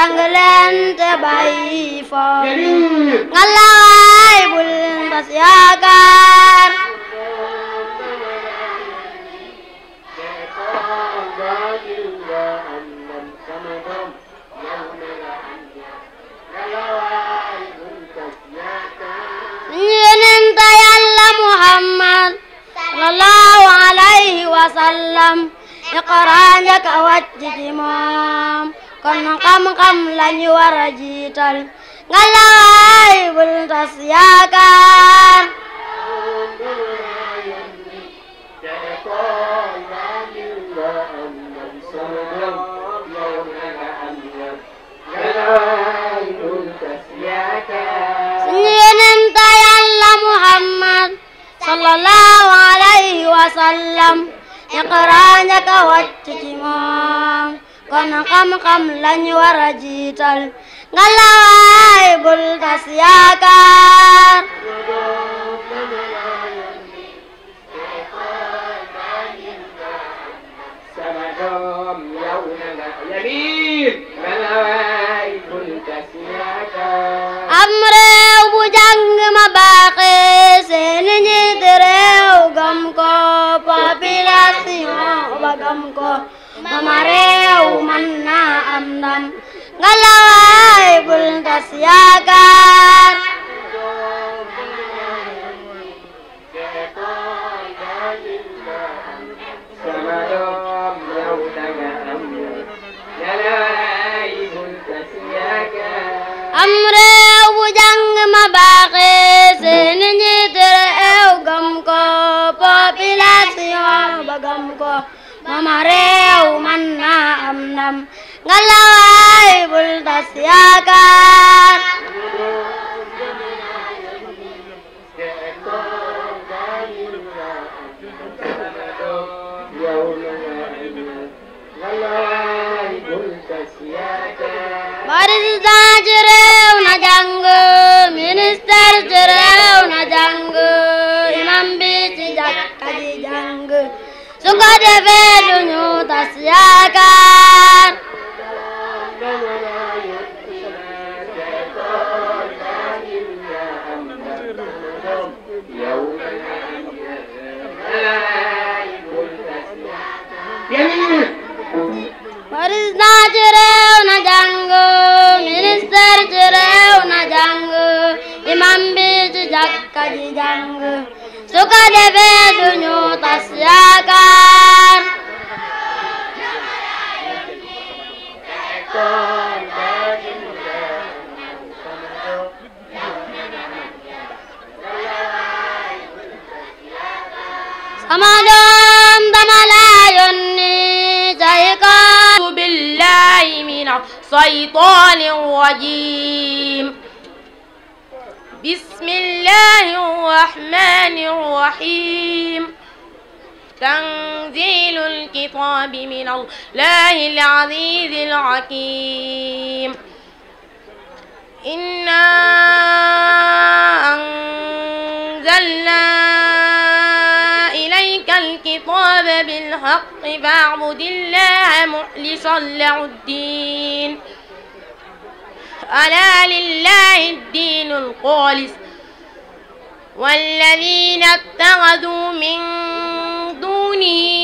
jàng leen te bàyyi foo nga lawaay bul leen bas yaakaar yonent Yàlla Muhammad sallallahu alayhi wa sallam iqra njëkk a wàcc ci moom kon xam-xam lañu war a jiital nga lawaay bul tas yaakaar suñu yonent Yàlla Muhammad sallallahu alayhi wa sallam iqra ñaka wàcc ci moom kon xam-xam lañu war jiital nga lawaay bul yaakaar am réew bu jàng ma baaxee seeni njiit réew gam ko population ba gam ko sama réew mën naa am ndam ngalawaay bul tas yaakaar الحق فاعبد الله مخلصا له الدين ألا لله الدين الخالص والذين اتخذوا من دونه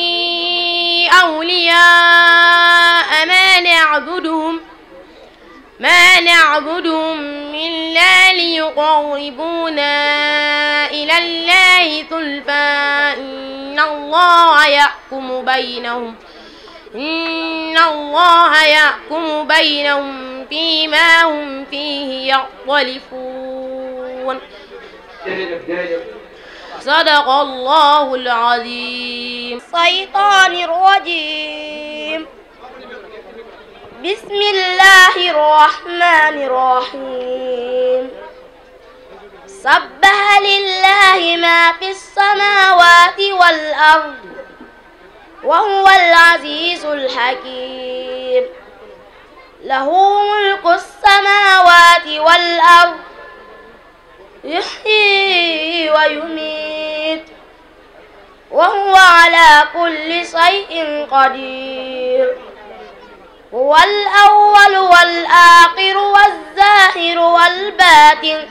أولياء ما نعبدهم ما نعبدهم إلا ليقربونا إلى الله زلفى إن الله يحكم بينهم إن الله يحكم بينهم فيما هم فيه يختلفون صدق الله العظيم الشيطان الرجيم بسم الله الرحمن الرحيم سبح لله ما في السماوات والأرض وهو العزيز الحكيم له ملك السماوات والأرض يحيي ويميت وهو على كل شيء قدير هو الأول والآخر والزاهر والباطن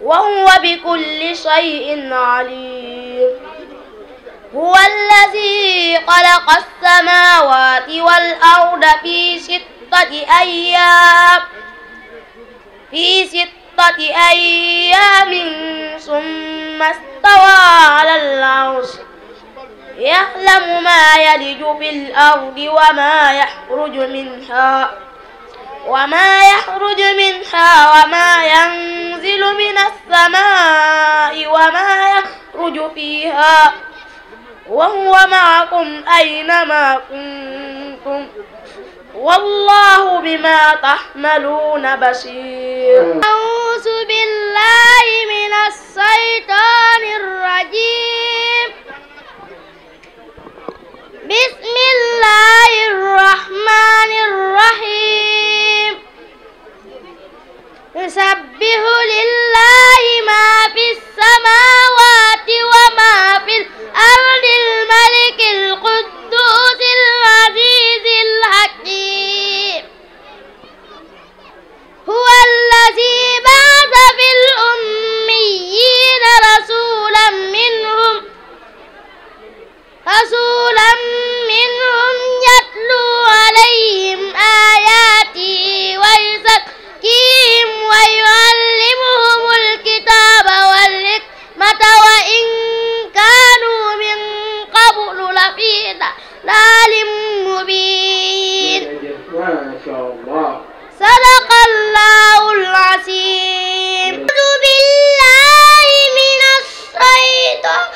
وهو بكل شيء عليم هو الذي خلق السماوات والأرض في ستة أيام في ستة أيام ثم استوى على العرش يعلم ما يلج في الأرض وما يخرج منها وما يخرج منها وما ينزل من السماء وما يخرج فيها وهو معكم أينما كنتم والله بما تحملون بصير أعوذ بالله من الشيطان الرجيم بسم الله الرحمن الرحيم يسبح لله ما في السماوات وما في الأرض الملك القدوس العزيز الحكيم هو الذي بعث في الأميين رسولا منهم رسولا منهم يتلو عليهم آياته ويزكيهم ويعلمهم الكتاب والحكمة وإن كانوا من قبل لفي ضلال مبين. ما شاء الله. صدق الله العظيم. أعوذ بالله من الشيطان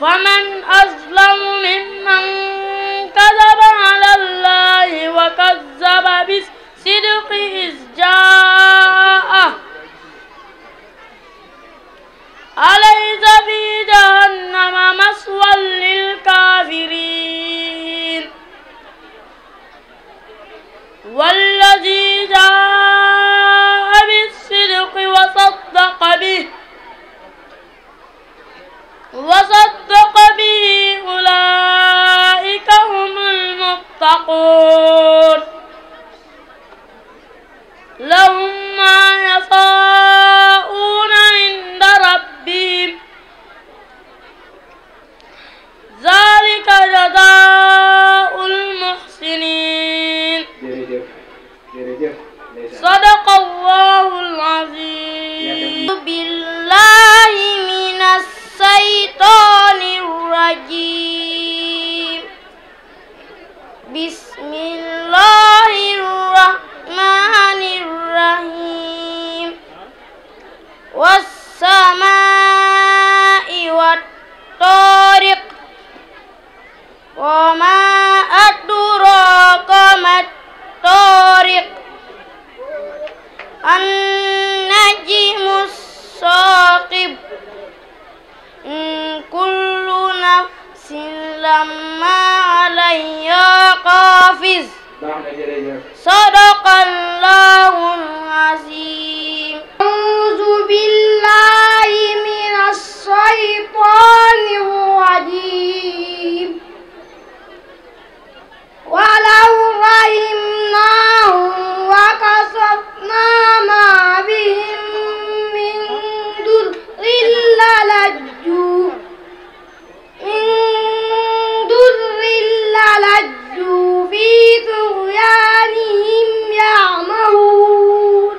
ومن أظلم ممن كذب على الله وكذب بالصدق إذ جاءه أليس في جهنم مثوى للكافرين والذي جاء بالصدق وصدق به وصدق به أولئك هم المتقون لهم ما يشاءون عند ربهم ذلك جزاء المحسنين صدق الله العظيم بالله من الس الشيطان الرجيم بسم الله الرحمن الرحيم والسماء والطارق وما أدراك ما الطارق النجم الثاقب كل نفس لما عليها حافظ صدق الله العظيم أعوذ بالله من الشيطان الرجيم ولو رحمناهم وكشفنا ما بطغيانهم يعمهون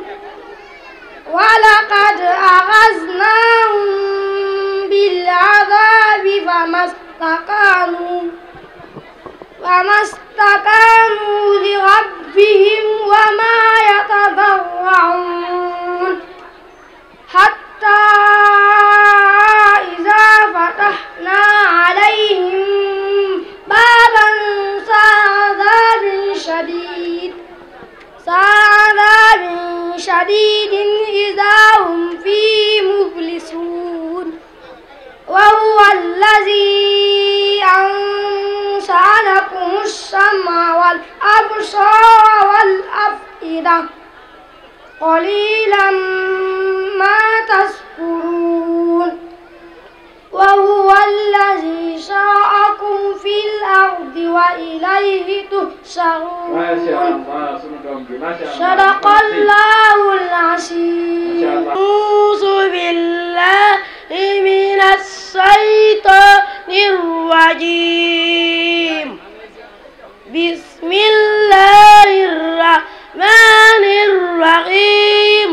ولقد أخذناهم بالعذاب فما استكانوا فما استكانوا لربهم وما يتضرعون حتى إذا فتحنا عليهم بابا سعدا شديد صار عذاب شديد إذا هم فيه مبلسون وهو الذي أنشأ لكم السمع والأبصار والأفئدة قليلا ما تشكرون وهو الذي شرعكم في الأرض وإليه تحشرون صدق الله العظيم أعوذ بالله من الشيطان الرجيم بسم الله الرحمن الرحيم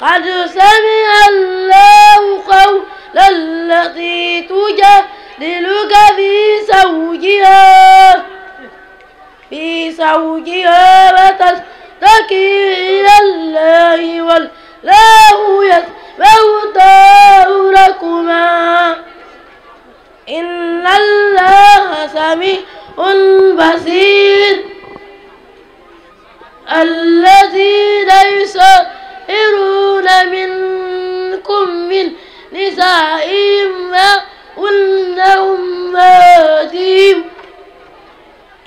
قد سمع الله قول التي تجادلك في زوجها في زوجها وتشتكي إلى الله والله يسمع دوركما إن الله سميع بصير الذين يسألون يستطهرون منكم من نسائهم وقلن أمهاتهم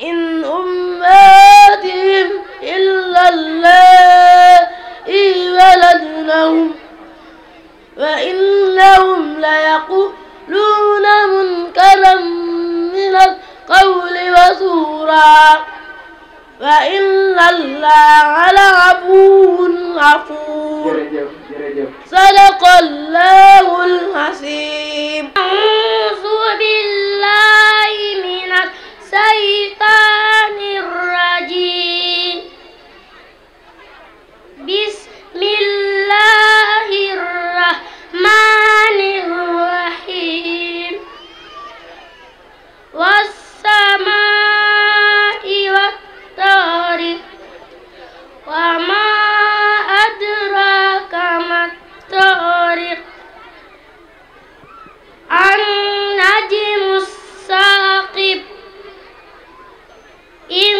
إن أمهاتهم إلا اللائي ولدنهم وإنهم ليقولون منكرا من القول وزورا فإن الله لغفور غفور صدق الله العظيم أعوذ بالله من الشيطان الرجيم بسم الله الرحمن الرحيم والسماء والسماء الطارق وما أدراك ما الطارق النجم الثاقب إن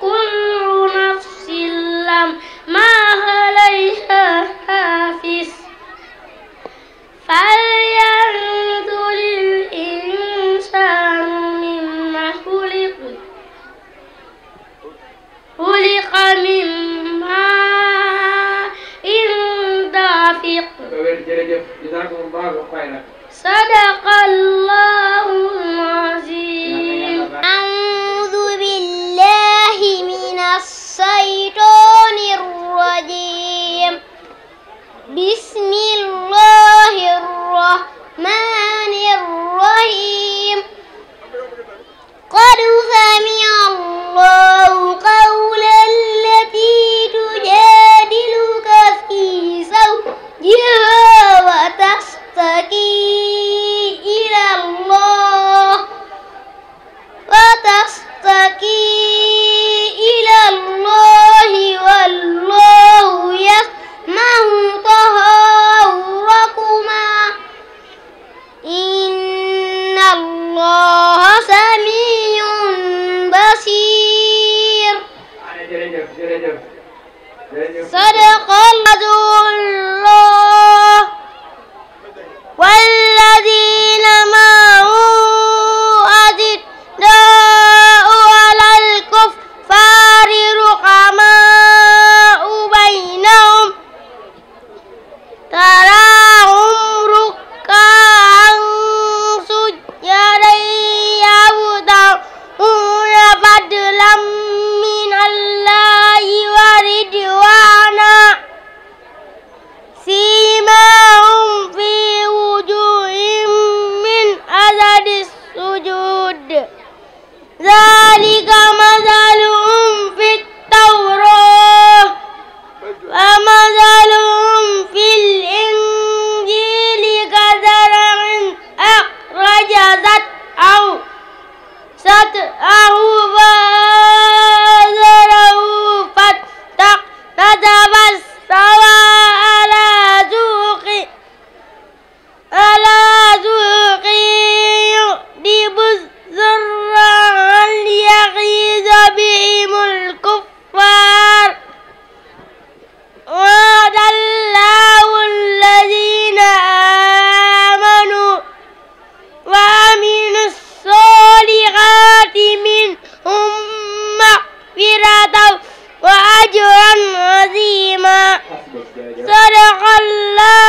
كل نفس لما عليها حافظ جزاكم الله خيرا صدق الله العظيم أعوذ بالله من الشيطان الرجيم بسم الله الرحمن الرحيم قد سمع الله قول تشهدون la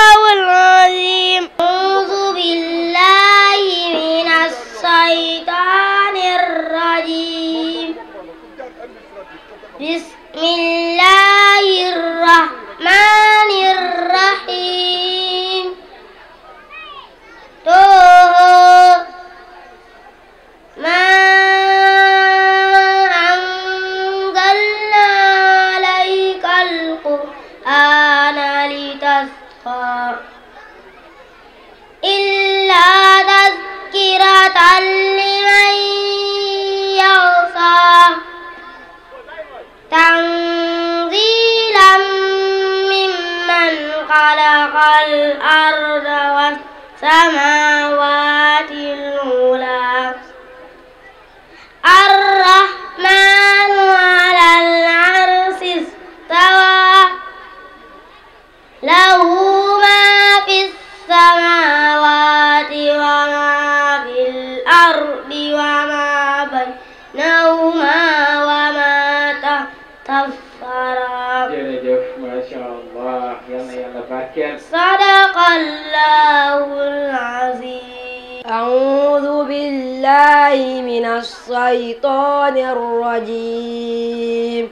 أعوذ بالله من الشيطان الرجيم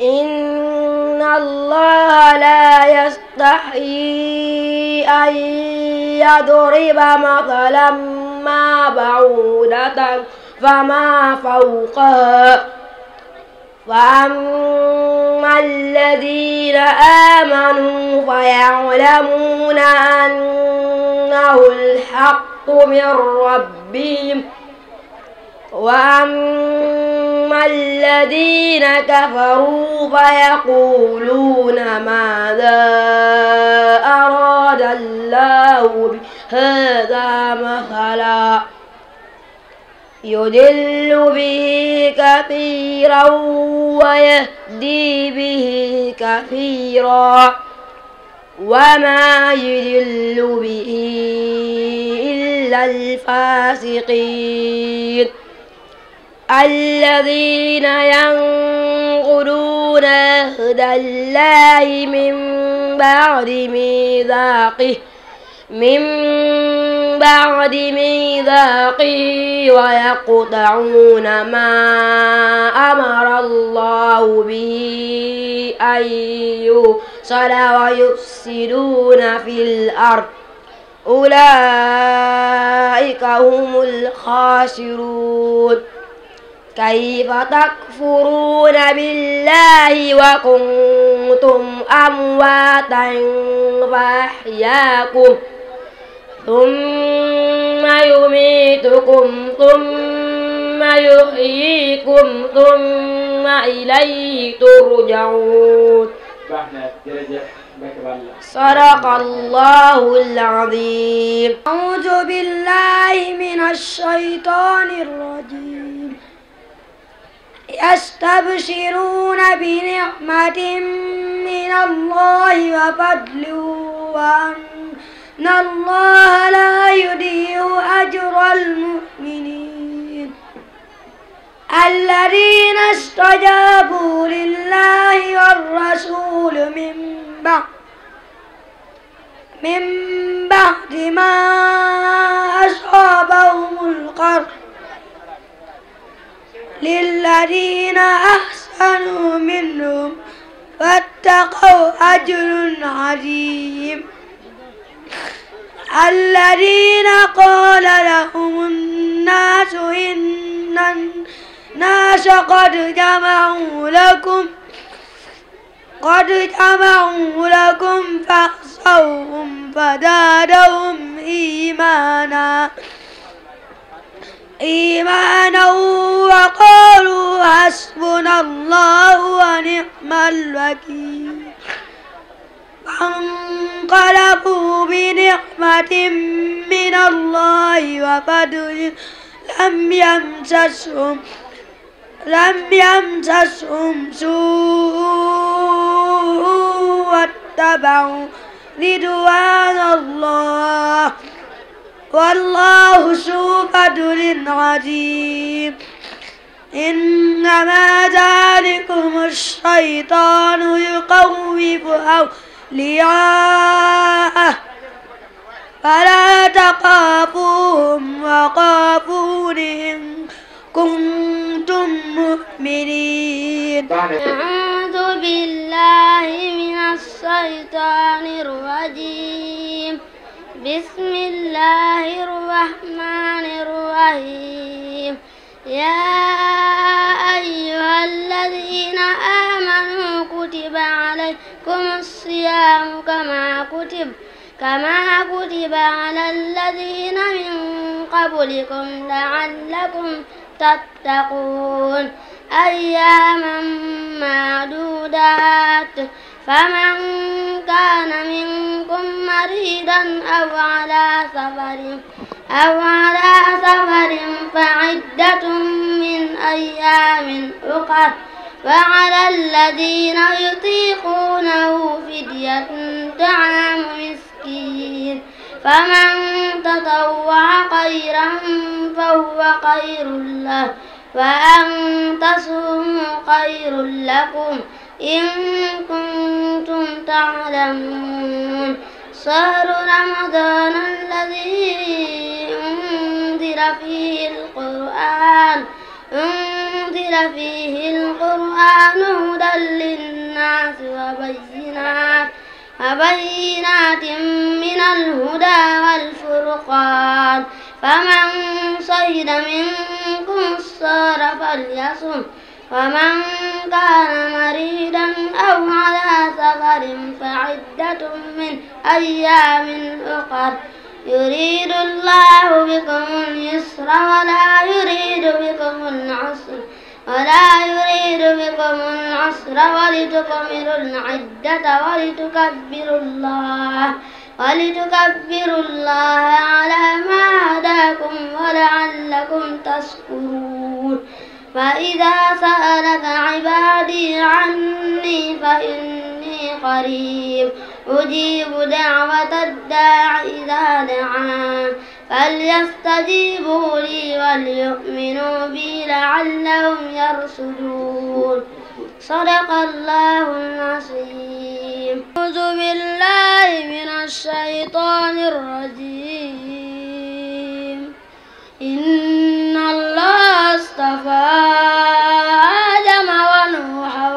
إن الله لا يستحيي أن يضرب مثلا ما بعودة فما فوقها فأما الذين آمنوا فيعلمون أن أنه الحق من ربهم وأما الذين كفروا فيقولون ماذا أراد الله بهذا مثلا يدل به كثيرا ويهدي به كثيرا وما يدل به إلا الفاسقين الذين ينقضون عهد الله من بعد ميثاقه من بعد ميثاقه ويقطعون ما أمر الله به أن يوصل ويفسدون في الأرض أولئك هم الخاسرون كيف تكفرون بالله وكنتم أمواتا فأحياكم ۖ ثم يميتكم ثم يحييكم ثم إليه ترجعون صدق الله العظيم أعوذ بالله من الشيطان الرجيم يستبشرون بنعمة من الله وفضل وأن إن الله لا يضيع أجر المؤمنين الذين استجابوا لله والرسول من بعد من بعد ما أصابهم القرح للذين أحسنوا منهم فاتقوا أجر عظيم الذين قال لهم الناس إن الناس قد جمعوا لكم قد جمعوا لكم فاحصوهم فزادهم إيمانا إيمانا وقالوا حسبنا الله ونعم الوكيل فانقلبوا بنعمة من الله وفضل لم يمسسهم لم يمسسهم سوء واتبعوا رضوان الله والله ذو فضل عظيم إنما ذلكم الشيطان يخوف أولياءه لياءه فلا تخافوهم وخافون إن كنتم مؤمنين أعوذ بالله من الشيطان الرجيم بسم الله الرحمن الرحيم يا أيها الذين آمنوا كتب عليكم الصيام كما كتب كما كتب على الذين من قبلكم لعلكم تتقون أياما معدودات فمن كان منكم مريضا أو على سفر أو على سفر فعدة من أيام أخر وعلى الذين يطيقونه فدية طعام مسكين فمن تطوع خيرا فهو خير له وأن تصوموا خير لكم إن كنتم تعلمون شهر رمضان الذي أنزل فيه القرآن أنزل فيه القرآن هدى للناس وبينات وبينات من الهدى والفرقان فمن صيد منكم الصار فليصم ومن كان مريضا أو على سفر فعدة من أيام أخر يريد الله بكم اليسر ولا يريد بكم العسر ولا يريد بكم العسر ولتكملوا العدة ولتكبروا الله ولتكبروا الله على ما هداكم ولعلكم تشكرون فإذا سألك عبادي عني فإني قريب أجيب دعوة الداع إذا دعان فليستجيبوا لي وليؤمنوا بي لعلهم يرشدون صدق الله العظيم أعوذ بالله من الشيطان الرجيم إن الله اصطفى آدم ونوحا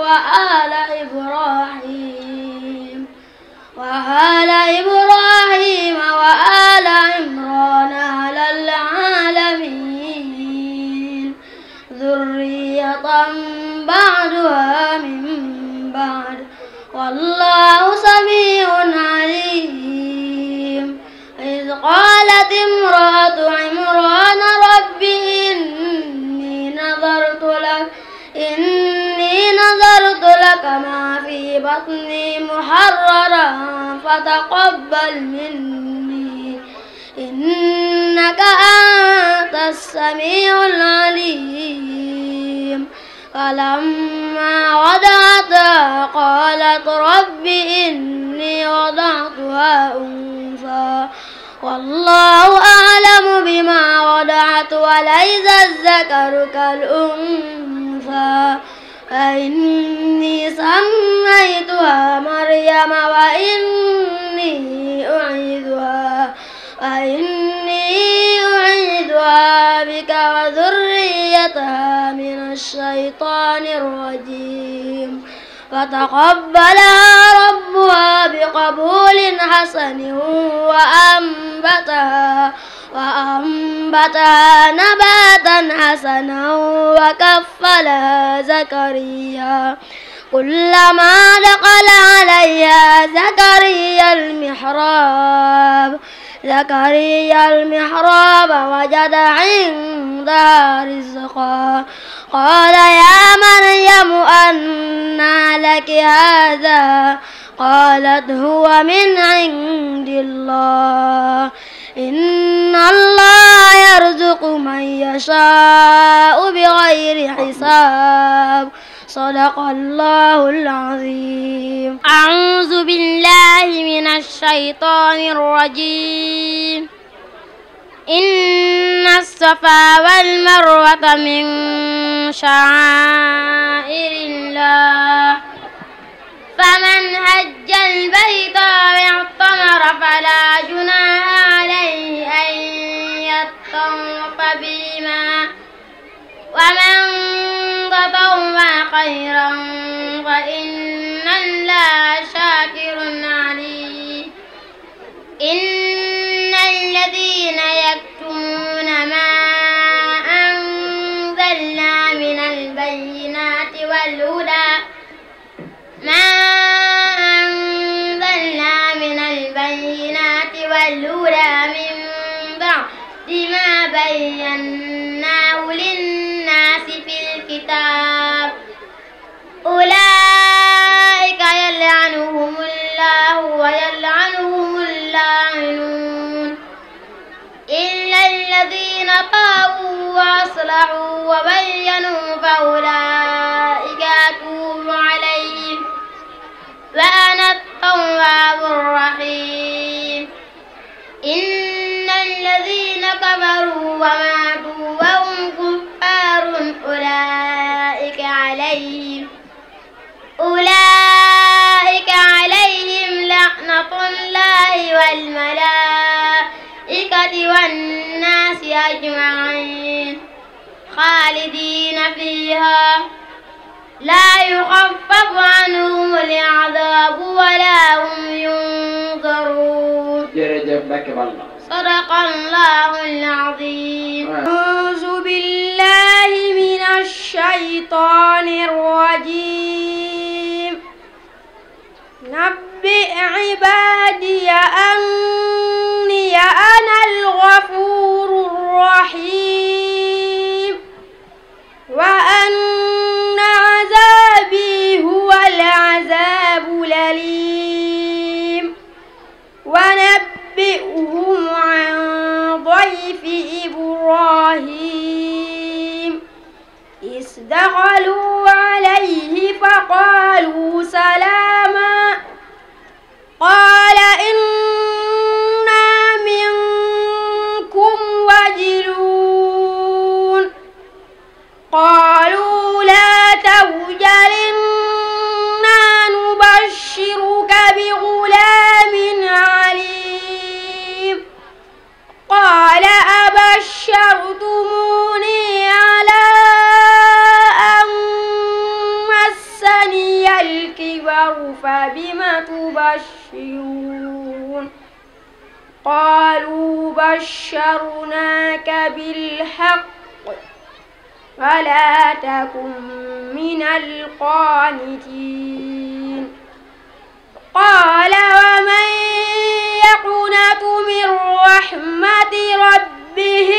وآل إبراهيم وآل إبراهيم وآل عمران بطني محررا فتقبل مني إنك أنت السميع العليم فلما وضعتها قالت رب إني وضعتها أنثى والله أعلم بما وضعت وليس الذكر كالأنثى فإني سميتها مريم وإني أعيذها وإني أعيذها بك وذريتها من الشيطان الرجيم فتقبلها ربها بقبول حسن وأنبتها وأنبتها نباتا حسنا وكفلها زكريا كلما دخل عليها زكريا المحراب زكريا المحراب وجد عندها رزقا قال يا مريم أنى لك هذا قالت هو من عند الله إن الله يرزق من يشاء بغير حساب صدق الله العظيم أعوذ بالله من الشيطان الرجيم إن الصفا والمروة من شعائر الله فمن هج البيت واعتمر فلا جناح عليه أن يطوف بهما ومن تطوع خيرا فإن الله شاكر عليم إن الذين يكتمون ما أنزلنا من البينات والهدى رحيم إن الذين كفروا وماتوا وهم كفار أولئك عليهم أولئك عليهم لعنة الله والملائكة والناس أجمعين خالدين فيها لا يخفف عنهم العذاب ولا هم ينصرون ينظرون jërëjëf Mbàkke bal na صدق الله العظيم أعوذ بالله من الشيطان الرجيم نبئ عبادي أني أنا الغفور الرحيم وأن إبراهيم إذ دخلوا عليه فقالوا سلاما قال إنا منكم وجلون قالوا لا توجل إنا نبشرك بغلام عليم قال أن بشرتموني على أن مسني الكبر فبم تبشرون قالوا بشرناك بالحق فلا تكن من القانتين قال ومن يقنط من رحمة ربه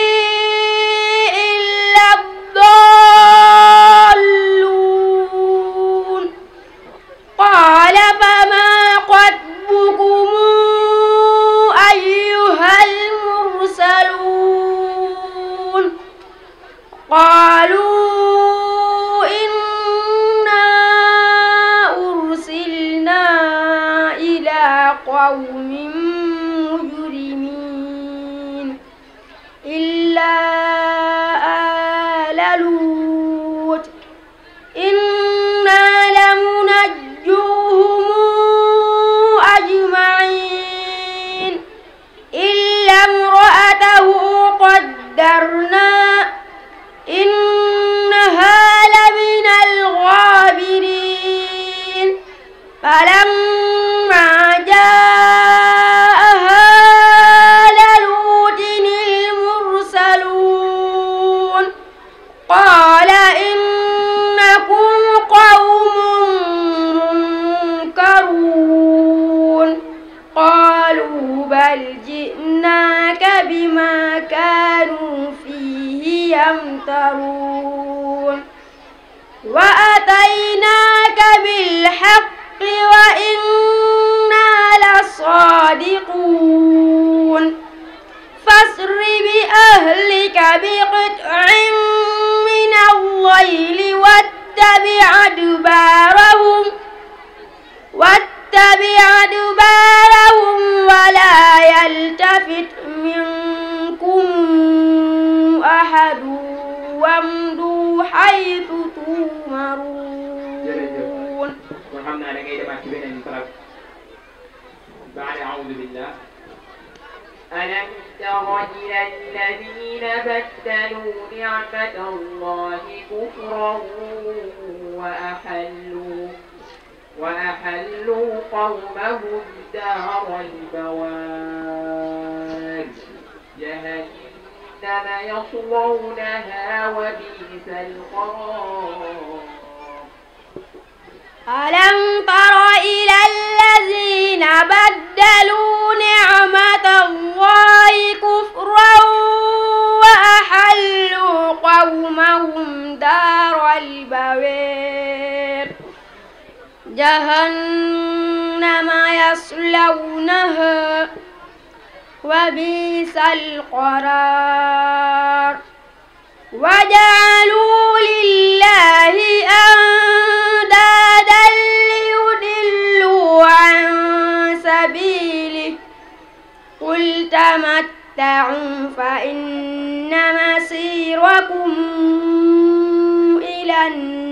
يصلونها وبئس القرار وجعلوا لله أندادا ليضلوا عن سبيله قل تمتعوا فإن مصيركم إلى النار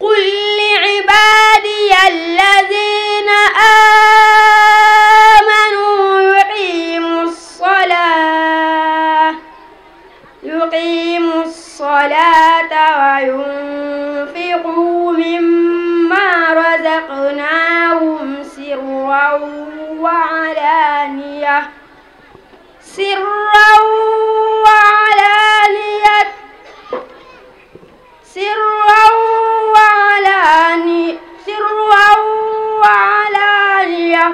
قل لعبادي الذين آمنوا يقيموا الصلاة يقيموا الصلاة وينفقوا مما رزقناهم سرا وعلانية سرا وعلانية سرا وعلاني سرا وعلانية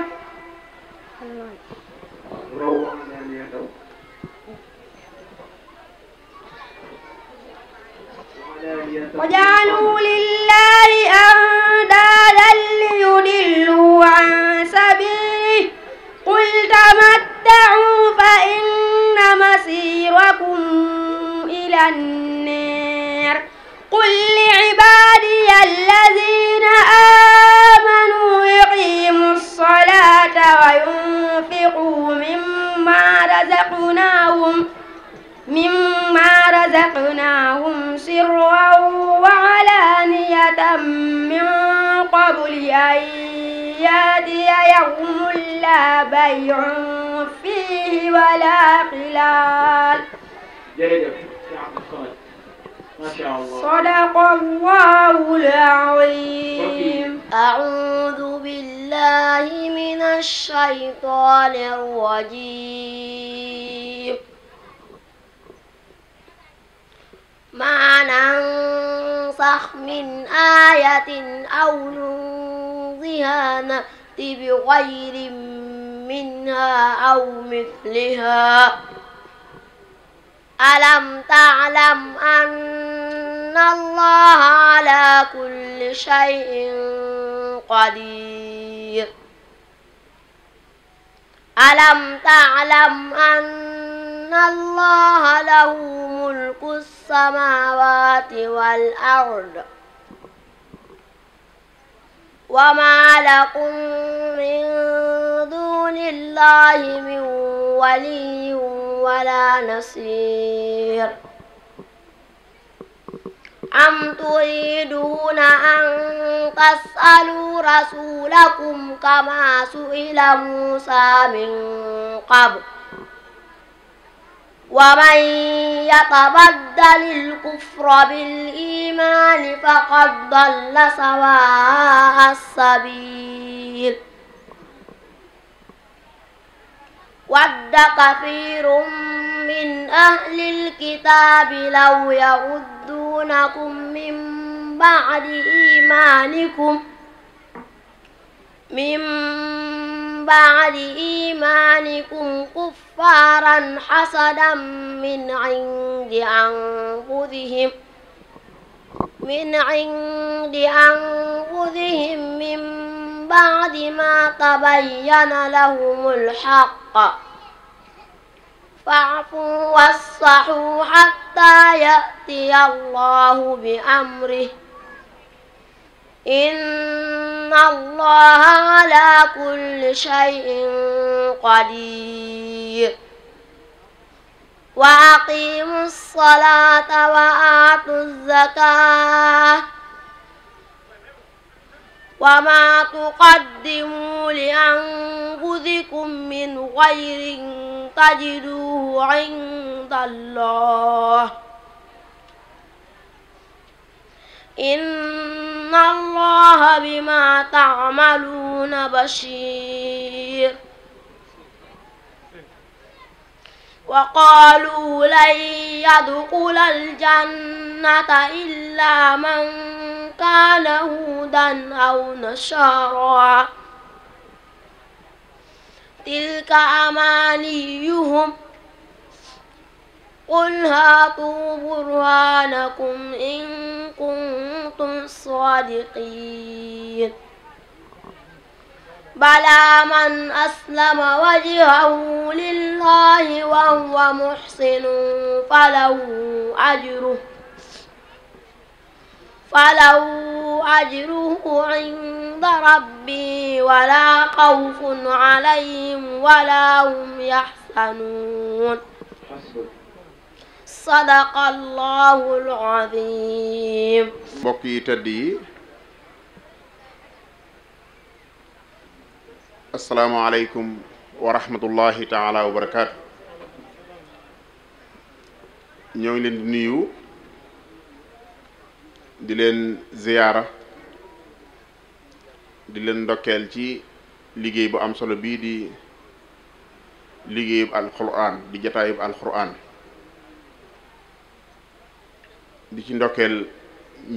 وجعلوا لله أندادا ليضلوا عن سبيله قل تمتعوا فإن مسيركم إلى النار قل لعبادي الذين آمنوا يقيموا الصلاة وينفقوا مما رزقناهم مما رزقناهم سرا وعلانية من قبل أن يأتي يوم لا بيع فيه ولا خلال. jërëjëf صدق الله العظيم أعوذ بالله من الشيطان الرجيم ما ننصح من آية أو ننظها نأت بغير منها أو مثلها ألم تعلم أن الله على كل شيء قدير ألم تعلم أن الله له ملك السماوات والأرض وما لكم من دون الله من ولي ولا نصير أم تريدون أن تسألوا رسولكم كما سئل موسى من قبل ومن يتبدل الكفر بالإيمان فقد ضل سواء السبيل ود كثير من أهل الكتاب لو يردونكم من بعد إيمانكم من بعد إيمانكم كفارا حسدا من عند أنفسهم من عند أنفسهم من بعد ما تبين لهم الحق فاعفوا واصفحوا حتى يأتي الله بأمره إن الله على كل شيء قدير wa aqimu salaata wa aatu zakaa wa maa tuqaddimu li anfusikum min xayrin tajiduuhu inda Allah inna Allaha bimaa ta'maluuna bashiir وقالوا لن يدخل الجنة إلا من كان هودا أو نصارى تلك أمانيهم قل هاتوا برهانكم إن كنتم صادقين بلى من أسلم وجهه لله وهو محسن فله أجره فله أجره عند ربي ولا خوف عليهم ولا هم يحزنون صدق الله العظيم mbokk yi tedd yi asalaamaaleykum wa rahmatullahi taala wa barakaatu ñoo ngi leen di nuyu di leen ziyaara di leen ndokkeel ci liggéey bu am solo bii di liggéeyub alquran di jataayub alquran di ci ndokkeel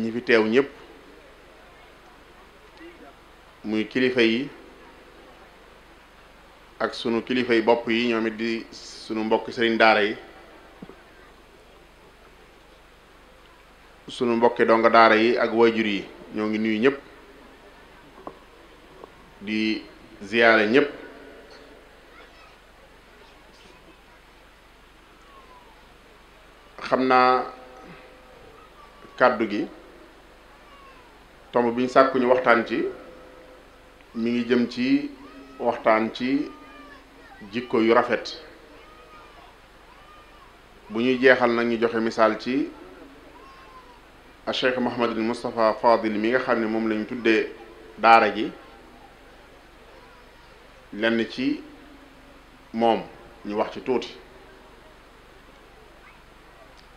ñi fi teew ñëpp muy kilifa yi ak sunu kilifa yi bopp yi ñoom it di sunu mbokk sëriñ daara yi sunu mbokki donga daara yi ak wayjur yi ñoo ngi nuyu ñëpp di ziyaare ñëpp xam naa kàddu gi tomb bi ñu sàkku ñu waxtaan ci mi ngi jëm ci waxtaan ci jikko yu rafet bu ñuy jeexal nag ñu joxe misaal ci a Cheikh Mouhamadul Moustapha Fadil mi nga xam ne moom lañu tuddee daara ji lenn ci moom ñu wax ci tuuti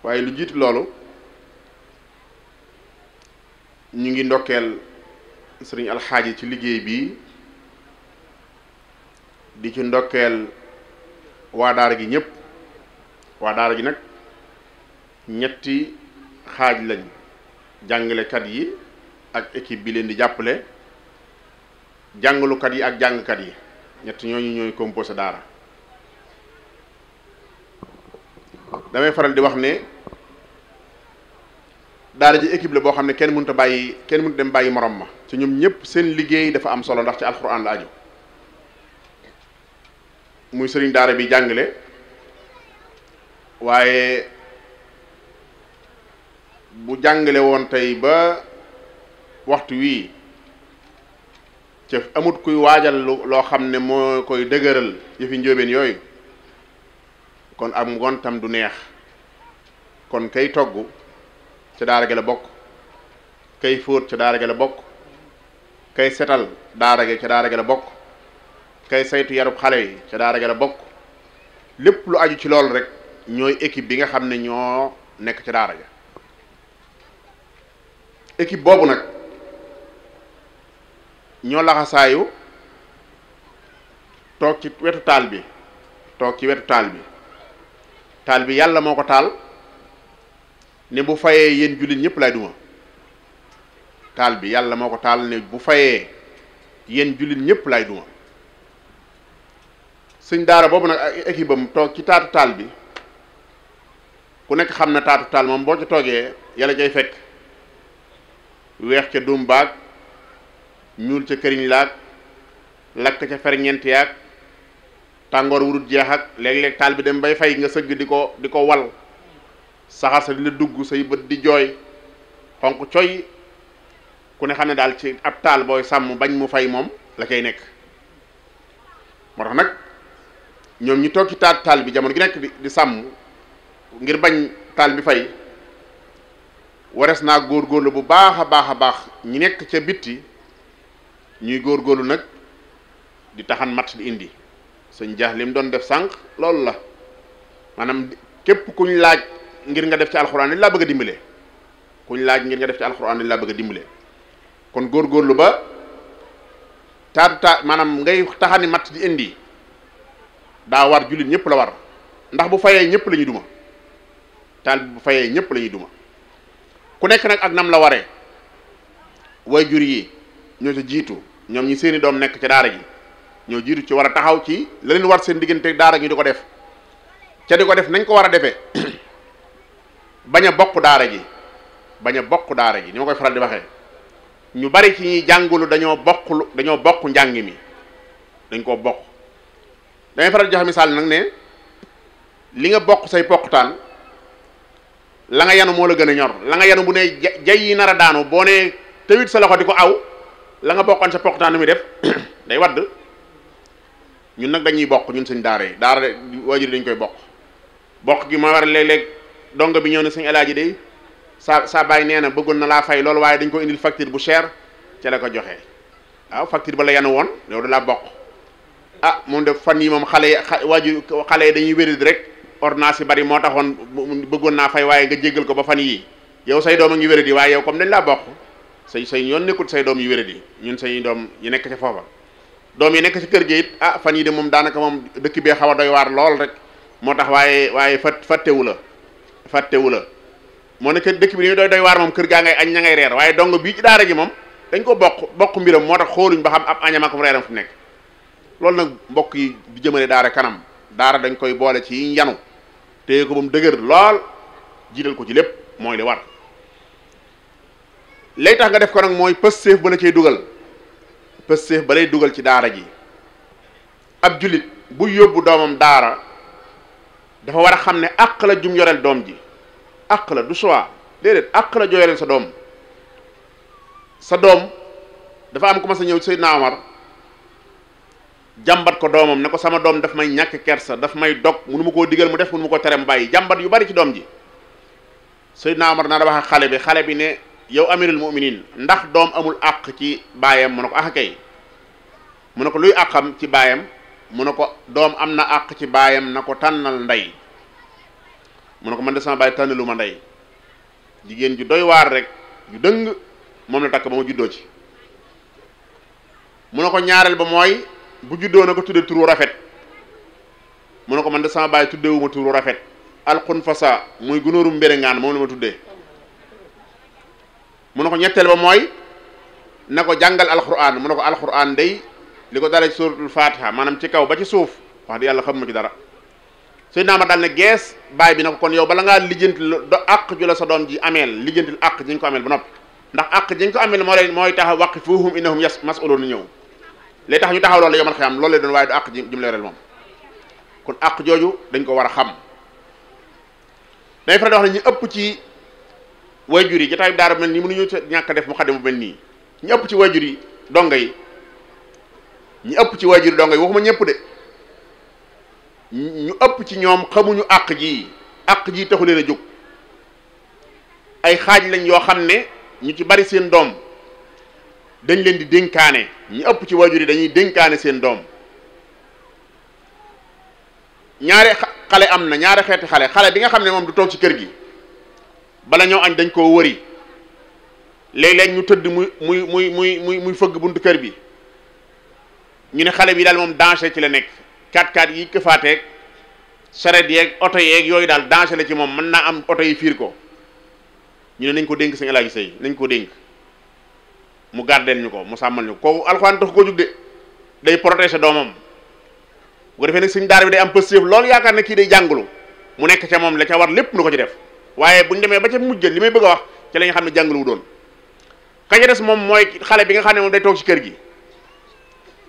waaye lu jiit loolu ñu ngi ndokkeel sëriñ alxaaji ci liggéey bii di ci ndokkeel waa daara gi ñëpp waa daara gi nag ñetti xaaj lañ jàngalekat yi ak équipe bi leen di jàppale jàngalukat yi ak jàngkat yi ñetti ñooñu ñooy composé daara damay faral di wax ne daara ji équipe la boo xam ne kenn mënut a bàyyi kenn mënut dem bàyyi morom ma ci ñoom ñëpp seen liggéey dafa am solo ndax ci alxuraan la aju muy sëriñ daara bi jàngale waaye bu jàngale woon tey ba waxtu wii ca amut kuy waajal loo xam ne moo koy dëgëral yëfi njóobeen yooyu kon am ngontam du neex kon kay togg ca daara ga la bokk kay fóot ca daara ga la bokk kay setal daara ga ca daara ga la bokk kay saytu yarub xale yi ca daara ja la bokk lépp lu aju ci loolu rek ñooy équipe bi nga xam ne ñoo nekk ca daara ja équipe boobu nag ñoo laxasaayu toog ci wetu taal bi toog ci wetu taal bi taal bi yàlla moo ko taal ne bu fayee yéen jullit ñëpp lay duma taal bi yàlla moo ko taal ne bu fayee yéen jullit ñëpp lay duma sëñ daara boobu nag ak équipe toog ci taatu taal bi ku nekk xam na taatu taal moom boo ci toogee yàlla cay fekk weex ca duum baag ñuul ca këriñ laag lakk ca ferñeent yaag tàngoor wurut jeex ak léeg taal bi dem bay fay nga sëgg di ko di ko wal saxaar sa di la dugg say bët di jooy xonq coy ku ne xam ne daal ci ab taal booy sàmm bañ mu fay moom la koy nekk moo tax nag ñoom ñu toog ci taat taal bi jamono gi nekk di sàmm ngir bañ taal bi fay wares naa góor góorlu bu baax a baax a baax ñi nekk ca bitti ñuy góor góorlu nag di taxan matt di indi sëñ jaax li mu doon def sànq loolu la maanaam képp kuñ laaj ngir nga def ci alxuraan li laa bëgg a dimbale kuñ laaj ngir nga def ci alxuraan li laa bëgg a dimbale kon góorgóorlu ba taatu taat maanaam ngay taxani matt di indi daa war jullit ñëpp la war ndax bu fayee ñëpp lañuy ñuy duma taalib bu fayee ñëpp lañuy ñuy duma ku nekk nag ak nam la waree way jur yi ñoo ca jiitu ñoom ñi seeni doom nekk ca daara ji ñoo jiitu ci war a taxaw ci la leen war seen diggante daara gi di ko def ca di ko def nañ ko war a defee bañ a bokk daara ji bañ a bokk daara ji ni ma koy faral di waxe ñu bari ci ñuy jàngulu dañoo bokkul dañoo bokk njàng mi dañ koo bokk damay faral joxe misaal nag ne li nga bokk say poqtaan la nga yanu moo la gën a ñor la nga yanu bu ne jay yi nar a daanu boo ne tëwit sa loxo di ko aw la nga bokkoon sa poqtaan mi def day wadd ñun nag dañuy bokk ñun suñ daara yi daara waajur dañ koy bokk bokk gi ma war léeg-léeg dongo bi ñëw ne suñ alaaji day sa sa baay nee na bëggoon na laa fay loolu waaye dañ ko indil facture bu cher ca la ko joxe waaw facture ba la yanu woon loolu laa bokk ah moom def fan yi moom xale yi waaju xale yi dañuy wéridi rek ordonnance bari moo taxoon bëggoon naa fay waaye nga jéggal ko ba fan yi yow say doom a ngi wéridi waaye yow comme dañ laa bokk say say yoon nekkut say doom yu wéridi ñun say doom yi nekk ca foofa doom yi nekk ci kër gi it ah fan yii de moom daanaka moom dëkk bee xaw a doy waar lool rek moo tax waaye waaye fat fàttewu la fàttewu la moo ne kër dëkk bi ni doy doy waar moom kër gaa ngay añ ña ngay reer waaye dong bii ci daara ji ko bokk bokk mbiram moo tax xooluñ ba xam ab añam ak nekk loolu nag mbokk yi di jëmale daara kanam daara dañ koy boole ci yi yanu téye ko ba mu dëgër lool jiital ko ci lépp mooy li war lay tax nga def ko nag mooy pës seef ba la cay dugal pës seef ba lay dugal ci daara ji ab jullit bu yóbbu doomam daara dafa war a xam ne àq la jum yoreel doom ji àq la du choix déedéet àq la joo yoreel sa doom sa doom dafa am commencé ñëw Seydina Omar jàmbat ko doomam ne ko sama doom daf may ñàkk kersa daf may dog munu ma koo digal mu def munu ma ko tere mu bàyyi jàmbat yu bari ci doom ji Seydina Omar naa da wax xale bi xale bi ne yow amirul muminin ndax doom amul àq ci baayam mu ne ko ah, mu ne ko luy àqam ci baayam mu ne ko doom am na àq ci baayam na ko tànnal ndey mu ne ko man de sama baay tànnalu ma ndey jigéen ju doy waar rek ju dëng moom na takk ba ma juddoo ci mu ne ko ñaareel ba mooy bu juddoo na ko tudde turu rafet mu ne ko man de sama baay tuddewuma turu rafet alxun fasa muy gunóoru mbéringaan moom la ma tuddee mu ne ko ñetteel ba mooy na ko jàngal alxuraan mu ne ko alxuraan day li ko dalee suratul fatiha maanaam ci kaw ba ci suuf wax di yàlla xam ma ci dara suy naa ma daal ne gees baay bi na ko kon yow bala ngaa lijjanti do àq ju la sa doom ji ameel lijjantil àq ji ñu ko ameel ba noppi ndax àq ji ñu ko ameel moo lay mooy tax waqifuhum innahum yas masulun ñëw lay tax ñu taxaw loolu yomal xiyam loolu lay doon waaye du àq jim leeral moom kon àq jooju dañ ko war a xam dañ fa di wax ñu ëpp ci wayjur yi jotaayu daara mel nii mënuñu ñàkk def mu xaddim bu mel nii ñu ci wayjur yi donga yi ñu ëpp ci wayjur yi donga yi waxuma ñëpp de ñu ëpp ci ñoom xamuñu àq ji àq ji taxu leen a jóg ay xaaj lañ yoo xam ne ñu ci bari seen doom dañ leen di dénkaane ñu ëpp ci waajur yi dañuy dénkaane seen doom ñaari xale am na ñaari xeeti xale xale bi nga xam ne moom du toog ci kër gi bala ñoo añ dañ koo wëri léeg-léeg ñu tëdd muy muy muy muy muy muy fëgg bunt kër bi ñu ne xale bi daal moom danger ci la nekk 4x4 yi këfaateeg saret yeeg oto yeeg yooyu daal danger la ci moom mën naa am oto yi fiir ko ñu ne nañ ko dénk sañ Alaaji Sëy nañ ko dénk mu gardeel ñu ko mu sàmmal ñu ko kooku alxuraan tax koo jug de day protéger doomam bu defee nag suñ daara bi day am positif lool yaakaar ne kii day jàngulu mu nekk ca moom la ca war lépp nu ko ci def waaye bu ñu demee ba ca mujj li may bëgg a wax ci la nga xam ne jàngaluwu doon ka ca des moom mooy xale bi nga xam ne moom day toog ci kër gi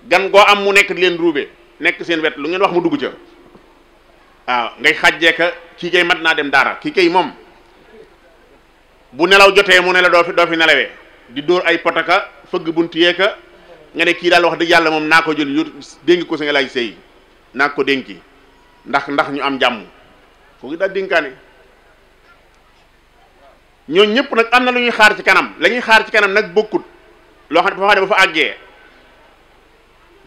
gan goo am mu nekk leen ruube nekk seen wet lu ngeen wax mu dugg ca waaw ngay xàjjee ka kii kay mat naa dem daara kii kay moom bu nelaw jotee mu ne la doo fi doo fi nelawee di dóor ay potaka fëgg bunt yeeka nga ne kii daal wax dëgg yàlla moom naa ko jël yu dénk ko sa nga laaj sëy naa ko dénki ndax ndax ñu am jàmm foofu daal dénkaane ñoo ñëpp nag am na lu ñuy xaar ci kanam lañuy xaar ci kanam nag bokkut loo xam ne foo xam ne bu fa àggee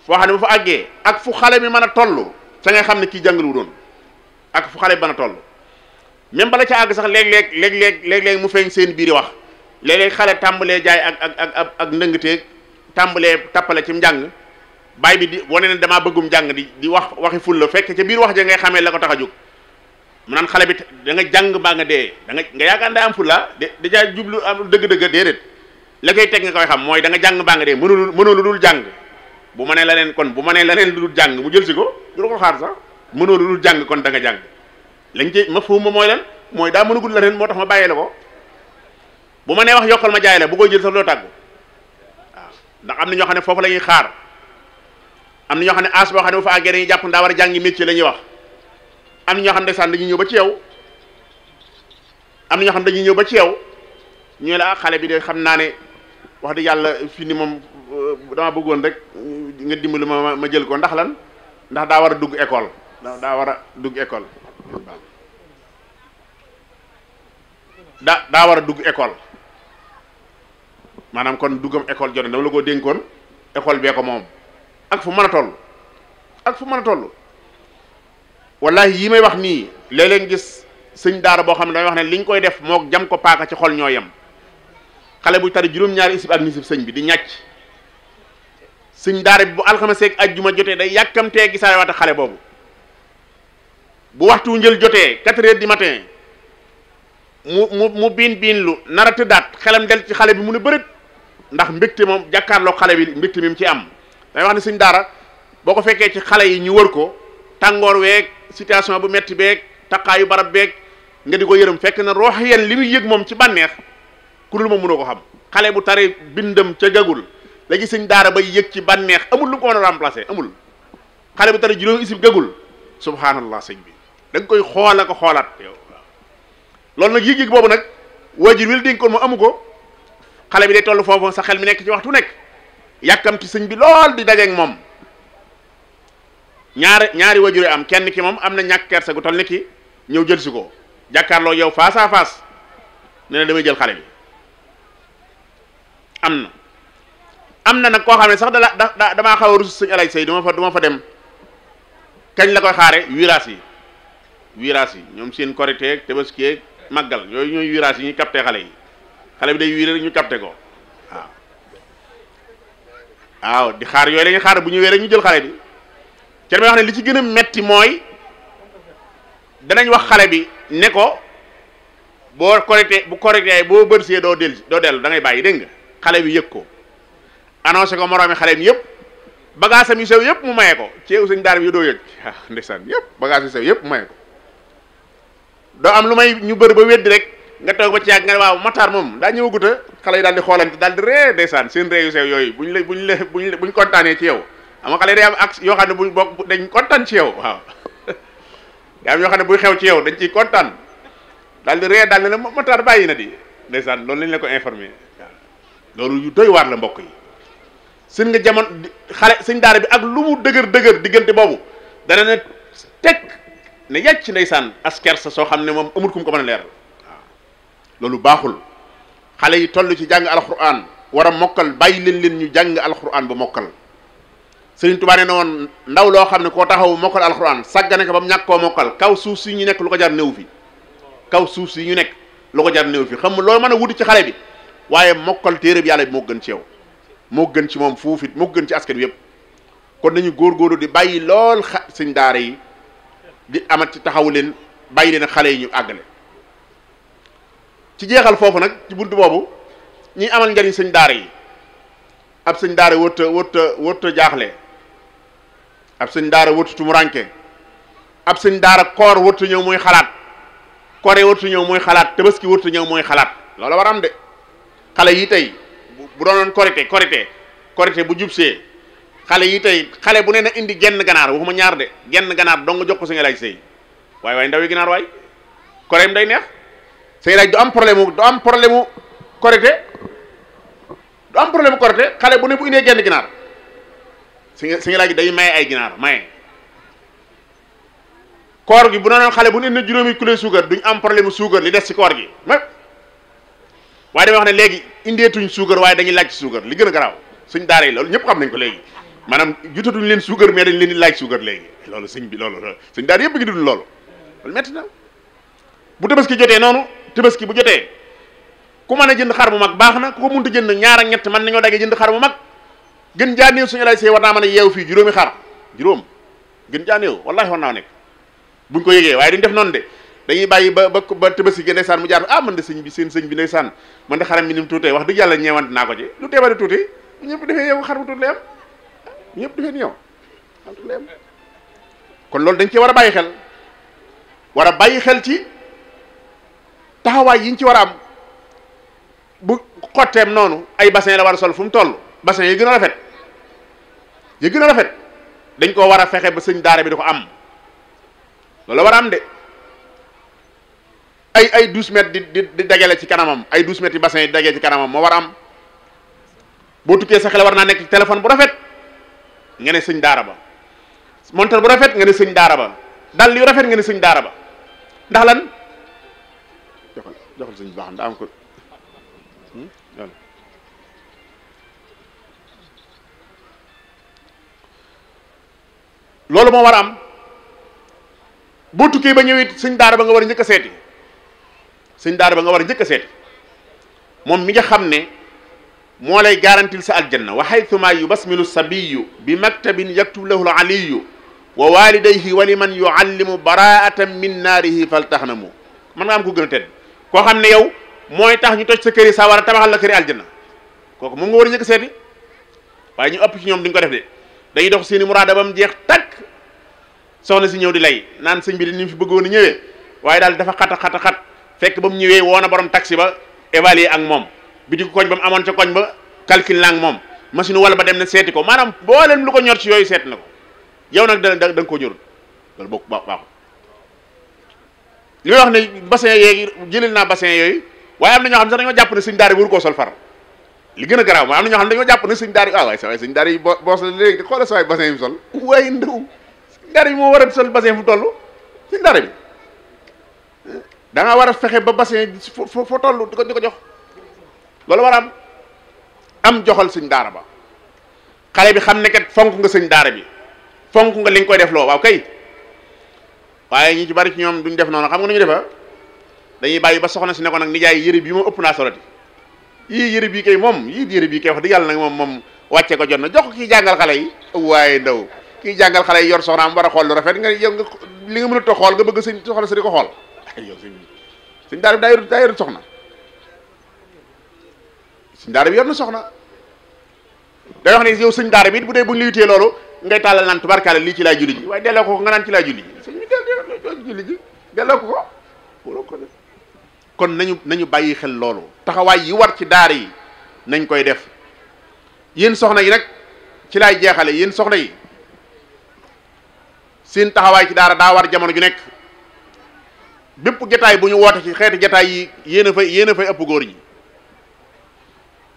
foo xam ne bu fa àggee ak fu xale bi mën a toll sa nga xam ne kii jàngalu doon ak fu xale bi mën a toll même ca àgg sax léeg-léeg léeg-léeg léeg mu feeñ seen biir wax léeg-léeg xale tàmbalee jaay ak ak ak ak tàmbalee tappale ci njàng baay bi di wane ne damaa bëggum jàng di di wax waxi ful la fekk ca biir wax ja ngay xamee la ko tax a jóg mu naan xale bi danga jàng baa nga dee da nga yaakaar daa am fulla de dèjà jublu am dëgg-dëgg la koy teg nga koy xam mooy da nga jàng baa nga dee mënul mënul dul jàng bu ma nee leneen kon bu ma nee leneen lu dul jàng mu jël si ko du ko xaar sax mënul dul jàng kon da nga jàng lañ ci ma ma mooy lan mooy daa mënagul leneen moo tax ma bàyyee la ko bu ma nee wax yokkal ma jaay la bu koy jël sax loo tàggu waaw ndax am na ñoo xam ne foofu lañuy xaar am na ñoo xam ne as boo xam ne bu fa àggee dañuy jàpp ndaa war a jàngi métier la ñuy wax am na ñoo xam ne sax dañuy ñëw ba ci yow am na dañuy ñëw ba ci yow ñu la ah, xale bi de xam naa ne wax dëgg yàlla fii ni moom euh, dama bëggoon rek nga dimbali ma ma jël ko ndax lan ndax daa war a dugg école daa war a dugg école da daa war a dugg école maanaam kon duggam école jone dama la ko dénkoon école bee ko moom ak fu man a toll ak fu man a toll wallahi yii may wax nii léeg-léeg gis sëñ daara boo xam ne damay wax ne liñ koy def moo jam ko paaka ci xol ñoo yam xale bu tari juróom-ñaari isib ak nisib sëñ bi di ñàcc sëñ daara bi bu alxameseeg ajjuma jotee day yàkkamtee gisaay waate xale boobu bu waxtu njël jotee quatre heures du matin mu mu mu biin biin lu nar a tëddaat xelam del ci xale bi mu ne bërët ndax mbégte moom jàkkaarloo xale bi mbégte mi mu ci am day wax ne suñ daara boo ko fekkee ci xale yi ñu wër ko tàngoor week situation bu metti beeg taqaayu barab beeg nga di ko yërëm fekk na roox yéen li muy yëg moom ci bànneex ku dul ma mënoo ko xam xale bu tare bindam ca gagul léegi suñ daara bay yëg ci bànneex amul lu ko mën a remplacer amul xale bu tare juróomi isib gagul subhanallah sëñ bi da koy xoola ko xoolaat yow loolu nag yëg-yëg boobu nag waajur wil dénkoon mu amu ko xale bi de toll foofu sa xel mi nekk ci waxtu nekk yàkkamti sëñ bi lool di dajeeg moom ñaari ñaari wajure am kenn ki moom am na ñàkk kersa gu toll ni ki ñëw jël si ko jàkkaarloo yow face à face ne na damay jël xale bi am na am na nag koo xam ne sax dala da damaa xaw a rus sëñ alay say duma fa duma fa dem kañ la koy xaare virage yi virage yi ñoom seen korité ak tabaski ak yooyu ñooy virage yi ñuy capté xale yi xale bi day wiire rek ñu capté ko waaw di xaar yooyu la ñuy xaar bu ñu weeree ñu jël xale bi ca may wax ne li ci gën a metti mooy danañ wax xale bi ne ko boo correcté bu correcté boo bërsee doo del doo dellu dangay bàyyi dégg xale bi yëg ko annoncé ko moroomi xale bi yëpp bagage am yu sew yëpp mu maye ko ceew sëñ daar bi yu doo yëg ah ndeysaan yëpp bagage yu sew yëpp mu maye ko doo am lu may ñu bër ba weddi rek nga toog ba ci yàgg nga ne waaw Matar moom daa ñëwagut a xale yi daal di xoolante daal di ree ndeysaan seen réew yu sew yooyu ñu la buñ la buñ la buñ kontaanee ci yow xam nga xale yi day am ak yoo xam ne buñ bokk dañ kontaan ci yow waaw am yoo xam ne buy xew ci yow dañ ciy kontaan daal di ree daal ne la bàyyi na di ndeysaan loolu lañ la ko informé loolu yu doy la mbokk yi seen nga jamono xale sëñ daara bi ak lu mu dëgër dëgër diggante boobu dana ne teg ne yàcc ndeysaan asker sa soo xam ne moom amul kum ko mën a leer loolu baaxul xale yi toll ci jàng alxuraan war a mokkal bàyyi leen leen ñu jàng alxuraan ba mokkal Sëriñ Tuubaa nee na woon ndaw loo xam ne koo taxaw mokkal alxuraan sàggane ko ba mu ñàkk koo mokkal kaw suuf si ñu nekk lu ko jar néew fi kaw suuf si ñu nekk lu ko jar néew fi xam nga loolu mën a wuti ci xale bi waaye mokkal téere yàlla bi moo gën ci yow moo gën ci moom it moo gën ci askan wi yëpp kon nañu góor góorgóorlu di bàyyi lool xa suñ daara yi di amat taxaw leen bàyyi leen xale yi ñu àggale ci jeexal foofu nag ci buntu boobu ñiy amal njariñ sëñ daara yi ab sëñ daara wërta wërta wërta jaaxle ab sëñ daara wërta tumuranke ab sëñ daara koor wërta ñëw mooy xalaat koore wërta ñëw mooy xalaat tabaski wërta ñëw mooy xalaat loola war de xale yi tey bu doonoon korite korite korite bu jubsee xale yi tey xale bu ne na indi genn ganaar waxuma ñaar de genn ganaar dong jox ko si nga laaj sëy waaye waaye ndaw yi ganaar waay koreem day neex tey daaj du am problème du am problème mu korite du am problème mu xale bu ne bu indee genn ginaar si nga si day maye ay ginaar maye. koor gi bu noonu xale bu ne na juróomi kilo suukar duñ am problème mu suukar li des ci koor gi ma waaye dama wax ne léegi indeetuñ suukar waaye dañuy laaj suukar li gën a garaaw suñ daara loolu ñëpp xam nañ ko léegi maanaam jutatuñ leen suukar mais dañ leen di laaj suukar léegi loolu sëñ bi loolu suñ daara yëpp ngi dund loolu loolu jotee noonu. tabaski bu jotee ku man a jënd xar bu mag baax na ku ko munta jënd ñaar ak ñett mën nañoo daggee jënd xar bu mag gën jaa néew suñu lay see war naa mën a yeew fii juróomi xar juróom gën jaa néew wallahi war naa nekk buñ ko yëgee waaye duñ def noon de dañuy bàyyi ba ba ba tabaski gi ndeysaan mu jaar ah man de sëñ bi seen sëñ bi saan man de xaram mi ni mu tuutee wax dëgg yàlla ñeewante naa ko ci lu teebari tuuti ñëpp defee yow xar bu tuut lay ñëpp defee ni loolu dañ ci war a bàyyi xel war a bàyyi xel ci taxawaay yi ñu ci war a am bu xotteem noonu ay bassin la war a sol fu mu toll bassin yi gën rafet yi gën a rafet dañ koo war a fexe ba sëñ daara bi di ko am loolu war a am de ay ay douze mètres di di dajale ci kanamam ay douze mètres yi bassin yi dagee ci kanamam moo war a am boo tukkee sa xel war naa nekk téléphone bu rafet nga sëñ daara ba montar bu rafet nga ne sëñ daara ba dàll yu rafet nga ne sëñ daara ba ndax lan jox ko suñu baax hmm? loolu moo war a am boo tukkee ba ñëwee sëñ daara ba nga war a njëkk a seeti ba nga war a njëkk a seeti moom mi nga xam ne moo lay garantil sa aljanna wa xaytuma yubasmilu sabiyu bi maktabin yaktub lahu aliyu wa walidayhi wa liman yuallimu baraatan min naarihi faltaxnamu man nga am ko gën tedd koo xam ne yow mooy tax ñu toj sa kër yi sawara tabaxal la kër yi aljanna kooku moom nga war a njëkk seeti waaye ñu ëpp ci ñoom duñ ko def de dañuy dox seeni muraada ba mu jeex takk soxna si ñëw di lay naan sëñ bi di ñu fi bëggoon a ñëwee waaye daal dafa xat a xat a xat fekk ba mu ñëwee woo na borom taxi ba évaluer ak moom bitigu koñ ba mu amoon ca koñ ba calcul la ak moom machine wala ba dem na seeti ko maanaam booleem lu ko ñor ci yooyu seet na ko yow nag da da nga ko ñorul loolu bokk li may wax ne bassin yee jëlil naa bassin yooyu waaye am na ñoo xam ne sax dañoo jàpp ne suñ daara yi waru koo sol far li gën a garaaw mooy am na ñoo xam ne dañoo jàpp na suñ daara yi ah waaye sa waay suñ bo boos la léegi di xoola sa waay bassin yi mu sol waaye yi moo war a sol bassin fu toll suñ bi war a fexe ba bassin fo fo toll di ko ko jox loolu war am joxal suñ daara ba xale bi xam ne fonk nga suñ daara bi fonk nga li koy def loo waaw kay waaye ñi ci bari ci ñoom duñ def noonu xam nga nu ñu defa dañuy bàyyi ba soxna si ne ko nag nijaay yére bi moom ëpp naa soloti yii yëre bii kay moom yii yére bii kay wax dëgg yàlla nag moom moom wàcce ko jot na jox ko kii jàngal xale yi waaye ndaw kii jàngal xale yi yor soxnaam war xool lu rafet nga yow li nga mënut a xool nga bëgg sëñ soxna ko xool yow sëñ sëñ daara bi daa yor daa yor soxna na soxna day wax ne yow sëñ daara bi bu dee buñ la yutee loolu ngay tàllal naan tubarkaale lii ci laa julli ji waaye delloo ko nga naan ci laa julli ji julli ji delloo kon nañu nañu bàyyi xel loolu taxawaay yi war ci daara yi nañ koy def yéen soxna yi nag ci lay jeexale yéen soxna yi seen taxawaay ci daara daa war jamono ju nekk bépp jataay bu ñu woote ci xeeti jataay yi yéen a fay yéen a fay ëpp góor ñi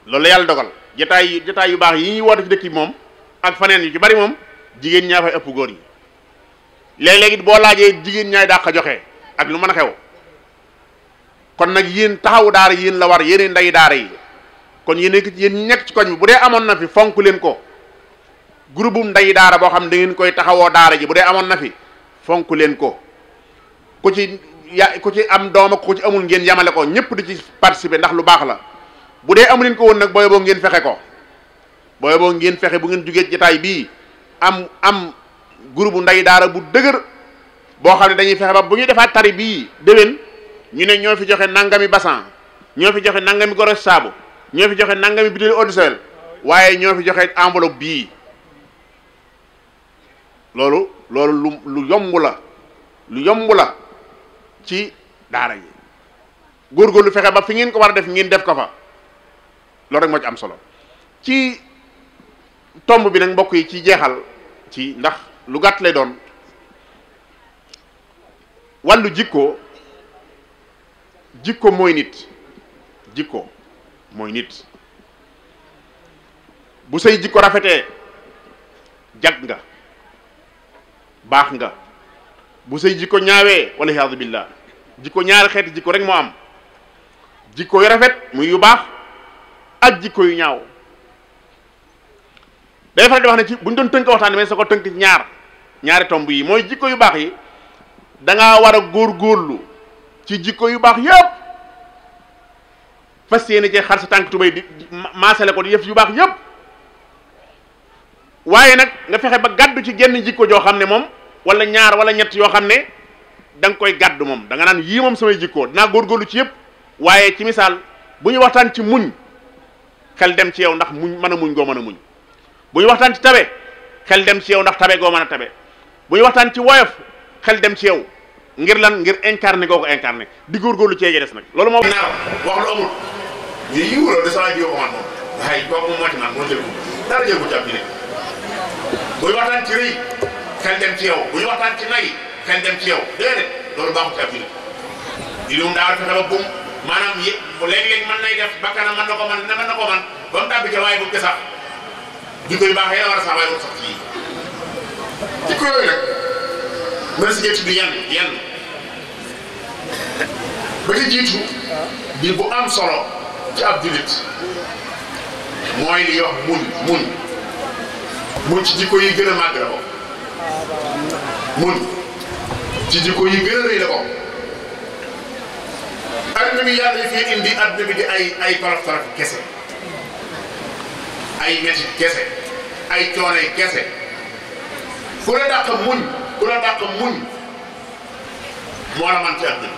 loolu yàlla dogal jataay yi jataay yu baax yi ñuy woote ci dëkk moom ak faneen yu ci bari moom jigéen ñaa fay ëpp góor ñi léeg-léegi boo laajee jigéen ñaay dàq joxe ak lu mën a xew kon nag yéen taxawu daara yéen la war yéen ndey daara yi kon yéen a yéen nekk ci koñ bi bu dee amoon na fi fonk leen ko groupe ndey daara boo xam da ngeen koy taxawoo daara ji bu dee amoon na fi fonk leen ko ku ci ya ku ci am doom ak ku ci amul ngeen yamale ko ñëpp di ci participer ndax lu baax la bu dee amu leen ko woon nag booy boo ngeen fexe ko booy boo ngeen fexe bu ngeen jugee jotaay bii am am. groupe bu nday daara bu dëgër boo xam ne dañuy fexe ba bu ñu defaat tari bii déwén ñu ne ñoo fi joxe nangami basan ñoo fi joxe nangami goros saabu ñoo fi joxe nangami bidéli eau de waaye ñoo fi joxe enveloppe bii loolu loolu lu lu yomb la lu yomb la ci daara yi lu fexe ba fi ngeen ko war a def ngeen def ko fa loolu rek moo ci am solo ci tomb bi nag mbokk yi ci jeexal ci ndax lu gàtt lay doon wàllu jikko jikko mooy nit jikko mooy nit bu say jikko rafetee jag nga baax nga bu say jikko ñaawee wala iyaadu billah jikko ñaari xeeti jikko rek moo am jikko yu rafet muy yu baax ak jikko yu ñaaw day faral di wax ne ci bu ñu doon tënk waxtaan mais sa ko tënk ñaar ñaari tomb yi mooy jikko yu baax yi da ngaa war a góorgóorlu ci jikko yu baax yépp fas yéene ci xar sa tànk tubéy di maasale ko di yëf yu baax yépp waaye nag nga fexe ba gàddu ci genn jikko joo xam ne moom wala ñaar wala ñett yoo xam ne danga koy gàddu moom da nga naan yii moom samay jikkoo dinaa góorgóorlu ci yëpp waaye ci misaal bu ñu waxtaan ci muñ xel dem ci yow ndax muñ mën a muñ goo mën a muñ bu ñu waxtaan ci tabe xel dem ci yow ndax tabe goo mën bu waxtaan ci woyof xel dem ci yow ngir lan ngir incarné goo ko incarné di góorgóorlu cee des nag loolu moo. wax lu amul yi yi wuloo de saa ji yoo man moom waaye moo ci naan moo jël ko dara jël ko ci ab ji bu ñu ci yow bu ñu waxtaan ci nay xel dem ci yow déedéet loolu na ko mën na mën na ko mën ba mu tàbbi ca waaye bu mu sax jikko yu baax war a sax ci jikko yooyu nag mën si jëtt bi yenn yenn ba jiitu bi bu am solo ci ab jullit mooy li wax muñ muñ muñ ci jikko yi gën a màgg la ko muñ ci jikko yi gën a rëy la ko adduna bi yàlla fii indi adduna bi di ay ay paraf paraf ay métti kese ay coono kese ku la dàq muñ ku la dàq muñ moo la man ci àddina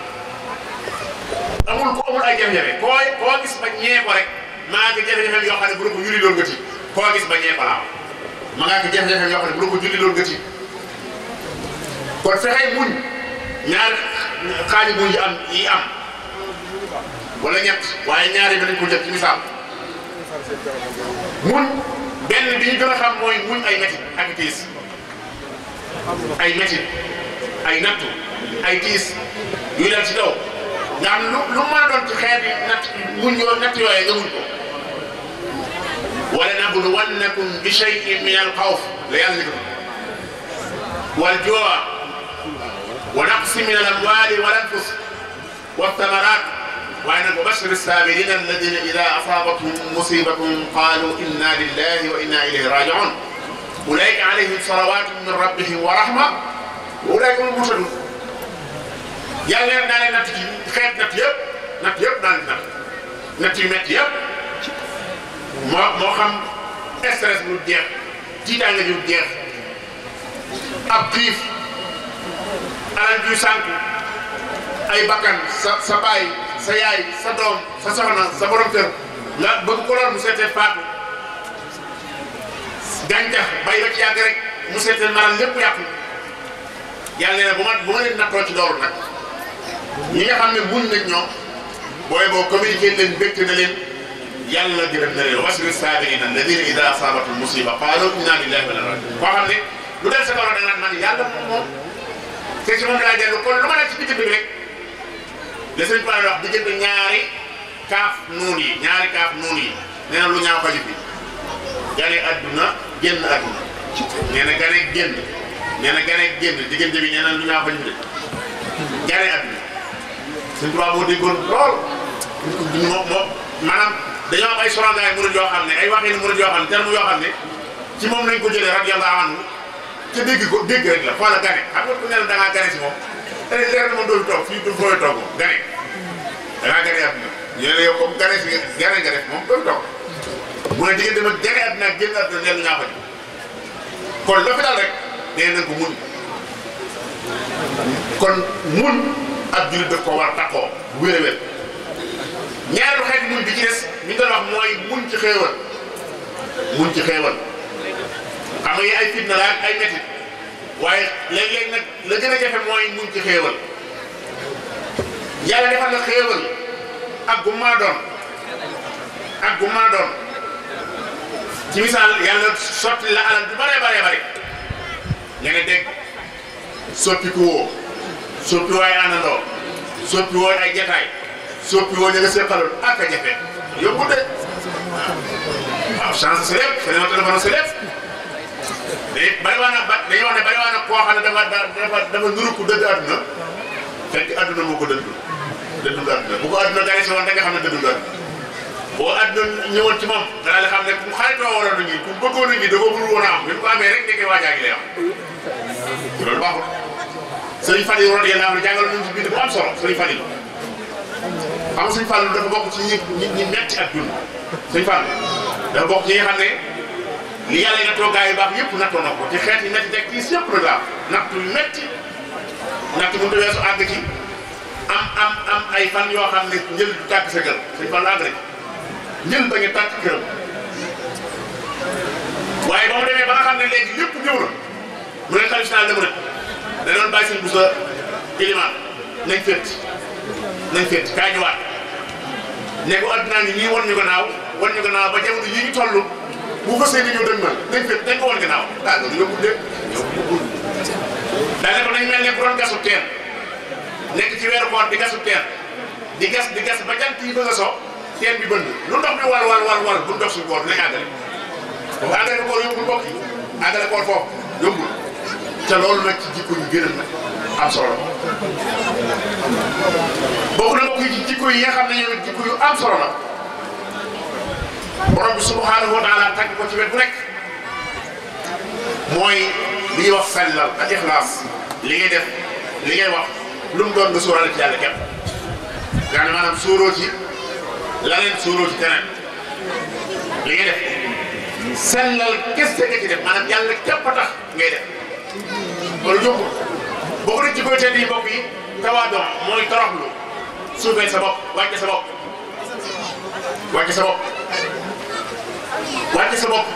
amul ku amul ay jafe-jafe koo koo gis ba ñee ko rek maa ngi jafe-jafe yoo xam ne bu doon ko julli doon nga kon fexey muñ ñaari xaaju muñ yi am yi am wala ñett waaye ñaari bi dañ ko jël ci misaal muñ benn bi ñu gën a xam mooy muñ ay métti ak ay métit ay nattu ay tiis yu leen ci daw nga xam lu lu mën a doon ci xeet yi natt muñ yoo natt yooyee nga muñ ko wala nabluwannakum bi shay'in min al-khawf la yàlla ni ko wal juu' wa naqsin min al-amwali wal anfus wath-thamarat waaye nag wa bashiri s-sabirina alladhina idha asabatkum musibatun qalu inna lillahi wa inna ilayhi raji'un ulaika alayhim salawatun min rabbihim wa rahma wa ulaika hum muhtadun yàlla leen daa leen natt ci xeet natt yëpp natt yëpp daa leen natt natt yu métti yëpp moo moo xam stress bu jeex tiitaange ju jeex ab xiif alal ju ay bakkan sa sa sa yaay sa doom sa soxna sa borom kër nga bëgg ko faatu gàncax bay ba ci yàgg rek mu seetal maanaam lépp yàqu yàlla nee na bu ma bu ma leen nattoo ci loolu nag ñi nga xam ne mun nañ ñoom booy boo communiqué leen békk na leen yàlla gërëm na leen wasbir saabiriina alladina ida asaabatum musiba qaalu inna lillahi wa inna ilayhi rajiun koo yàlla moom moom te ci moom laa dellu kon lu ma la ci diggante bi rek de sëñ Paul wax diggante ñaari kaaf nuun yi ñaari lu ñaaw xaju fi gane àdduna génn àdduna nee na gane génn nee na gane génn diggante bi nee na lu ñaa fa ñu de gane àdduna suñ tubaab moo déggoon lool moo moo maanaam dañoo ay sorangaay murid yoo xam ne ay waxin murid yoo xam ne terme yoo xam ne ci moom lañ ko jëlee radiyallahu anhu te dégg ko dégg rek la xoola gane xam nga da ngaa gane si moom te leer na ma doon gane da gane gane moom doon toog mu ne diggante man jege at nag génn at na leen ñaa ko ji kon loo fi daal rek nee nañ ko mun kon mun ak jullit daf ko war a takkoo wér a wér ñaareelu mun bi ci des ñu doon wax mooy mun ci xéewal mun ci xéewal xam nga yi ay fitna la ay métit waaye léeg-léeg nag la gën a mooy muñ ci xéewal yàlla defal la xéewal ak gu maa doon ak gu maa doon ci misaal yàlla sotti la alal bu bare bare bare nga ne dégg soppiku woo soppi woo ay àndandoo soppi woo ay jataay soppi woo ña nga seqaloon ak a jafe yóbbu de waaw chance sa lépp ne bariwaan ak koo xam ne dafa dafa dafa nuru ku dëdd àdduna fekk àdduna moo ko dëdd dëddul bu ko àdduna gane si woon da nga xam ne dëddul àdduna boo àdduna ñëwoon ci moom dana a ñuy ku ñuy da koo bëgg woon rek nekkee waa jaa ngi lay a jàngal nañu ci bind bu am solo sëriñ Fallou xam nga sëriñ Fallou dafa bokk ci ñi ñi ñi metti ak dund sëriñ Fallou yëpp na ko te xeet yi metti teg kii si daal nattu metti nattu mënut a weesu àgg ci am am am ay fan yoo xam ne njël du tàgg sa gël sëriñ Fallou àgg rek njën ba ngi tàkk këram waaye ba mu demee ba nga xam ne léegi ñëpp ñëw na mu ne xalifa naa dem rek da doon bàyyi seen busa ilimaan nañ féet nañ féet kaa ñëwaat ne ko addunaa ni ñii wan ñu gannaaw wan ñu gannaaw ba jamono yi ñu toll bu ko seeni ñëw dañ mën nañ féet dañ ko wan gannaaw daa ah, loolu yóbbul de yóbbul daa ne ko nañ mel ne bu gasu teen nekk ci weeru koor di gasu teen di gas di gas ba jant yi bëgg a so teen bi bënd lu ndox bi wal wal wal wal bu ndox suñu boor dinañ àggale boobu àggale boor yombul mbokk yi àggale boor foofu yombul te loolu nag ci jikko yi gën a am solo bokk na mbokk yi ci jikko yi nga xam ne yow jikko yu am solo la borom bi subhanahu wa taala tàgg ko ci wet bu nekk mooy li ñuy wax sellal ak ixlaas li ngay def li ngay wax lu mu doon nga sóoraale ci yàlla képp nga ne maanaam sóoroo ci la leen suuroo ci keneen li ngay def sellal kese nga ci def maanaam yàlla képp a tax ngay def loolu jokkul bokk ci koy tedd yi mbokk yi tawaadoom mooy toroxlu suufee sa bopp wàcce sa bopp wàcce sa bopp wàcce sa bopp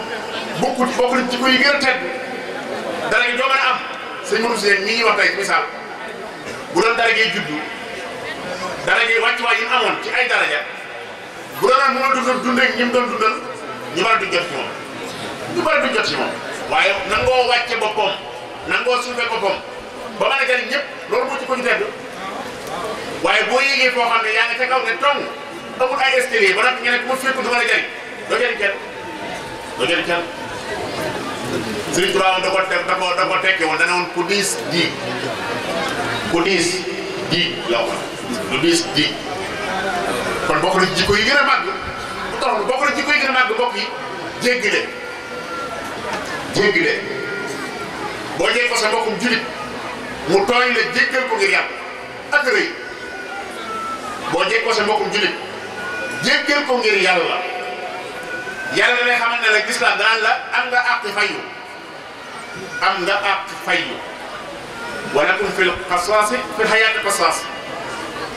bokkul bokk na ci koy gën a tedd dara gi doo a am sëñ Mourou Sène wax tey misaal bu doon dara ngay juddu dara ngay wàccuwaay yi mu amoon ci ay daraja bu doon bu ma doon dundee ñi mu doon dundal ñu bari du jot ci moom ñu bari du jot ci moom waaye nangoo wàcce boppam nangoo suufe boppam ba mën a jëriñ loolu moo ci ko ñu tedd waaye boo yéegee foo xam ne yaa ngi a jëriñ doo ko diis diig ku diis diig la wax lu diis diig kon bokk na jikko yi gën màgg bu yi gën a màgg mbokk boo jëlee ko sa mbokkum julit mu tooñ la jéggal ko ngir yàlla ak boo jëlee ko sa mbokkum julit jéggal ko ngir yàlla yàlla lay xamal ne la gis naa daan la am nga àq fayu am nga àq fayu walakum fil qasaasi fil hayaati qasaas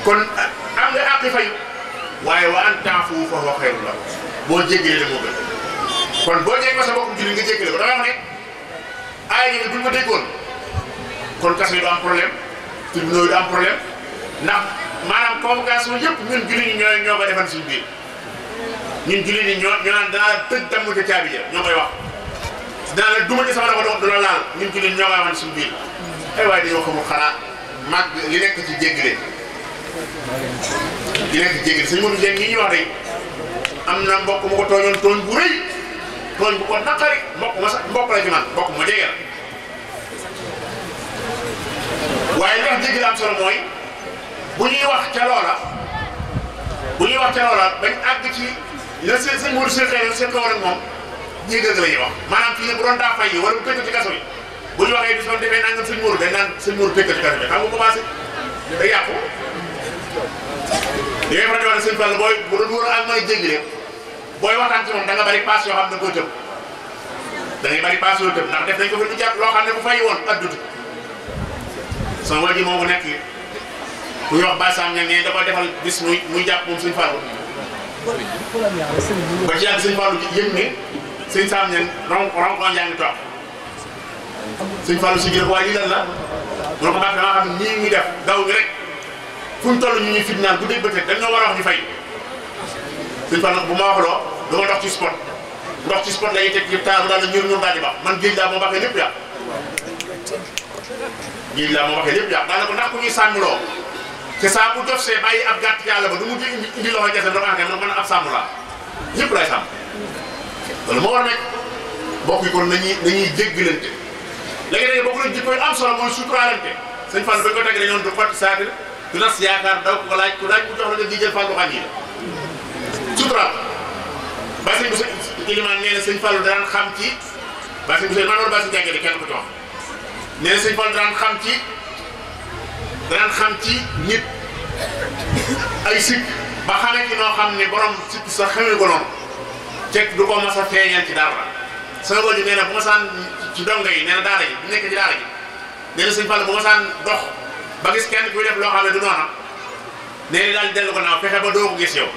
kon am nga àq fayu. waaye wa an taafu fa huwa xayrun lakum boo jéggalee moo gën kon boo jéggoo sa bopp jullit nga jéggale ko da wax ko déggoon kon kaso yi du am ndax maanaam convocation yëpp ñun jullit ñi ñooy ñoo ko defal suñu biir ñun jullit ñi ñoo ñoo naan danaa tëj damm ca caabi koy wax danaa la duma sama dafa doon laal ñun jullit ñoo koy amal suñu biir ay waaye dañoo xamul mag li nekk ci jéggale di leen di jégal sëñ Modou Dieng ñi ñu wax rek am na mbokk mu ko tooñoon tooñ bu tooñ bu ko naqari mbokk ma sax mbokk la ci man mbokk ma jege la waaye ndax jégal am solo mooy bu ñuy wax ca loola bu ñuy wax ca loola bañ àgg ci la seen sëñ Modou Dieng xëy na seen kaw rek moom jégal la ñuy wax maanaam fii bu doon yi wala bu tëj ci kaso yi bu ñu waxee du dañ naan sëñ Modou tëj ci kaso bi li ngay faral di wax booy bu doon a jéggile booy waxtaan ci moom nga bëri paas yoo xam ne koo tëb da ngay bëri paas yoo tëb ndax def loo xam ne bu fay woon addutu sama waa ji moomu nekk ku ñuy wax Bassam ña ne da ko defal bis muy muy jàpp moom sëñ Fall ba ci yàgg sëñ Fall yëg ne sëñ Sam ñan ron ron ko yaa ngi toog sëñ Fall si jël waaye lii lan la mun ko baax damaa nii ngi def daw gi fu ñu toll ñu ñu fitnaan bu dee bëccëg dañ ñoo war a fay suñu fan bu ma wax loo dama ndox ci sport ndox ci sport lay teg yëpp taaru daal la ñuur ñuur daal di baax man géej laa moo baaxee lépp yaa géej laa a baaxee lépp yaa daanaka ndax ku ñuy sàmmloo te saa bu dof bàyyi ab gàtt yàlla ba du mu indi indi loxo gerte ndox ante man a ab sàmm laa ñëpp lay sàmm loolu moo war nekk mbokk yi kon nañuy nañuy jéggalante léegi nag bokk na jikko yu am solo mooy suturaalante sëñ Fall ba ko teg dañoon du du nas yaakaar daw ko laaj ku laaj ku jox la nga jël fàllu xam yi la sutura ba sëñ Moussa Ilimaan nee na sëñ Fallou daan xam ci ko jox nee xam ci daan xam ci nit ay sikk ba xamee ci noo xam ne borom sikk sa xamee ko noonu cek du ko mas a feeñal ci dara sama góor ji bu ma ci donga yi nee na daara ji bu nekk ci daara yi nee na sëñ Fallou bu ma dox ba gis kenn kuy def loo xam ne du noona nee na daal dellu ko naa fexe ba doo ko gis yow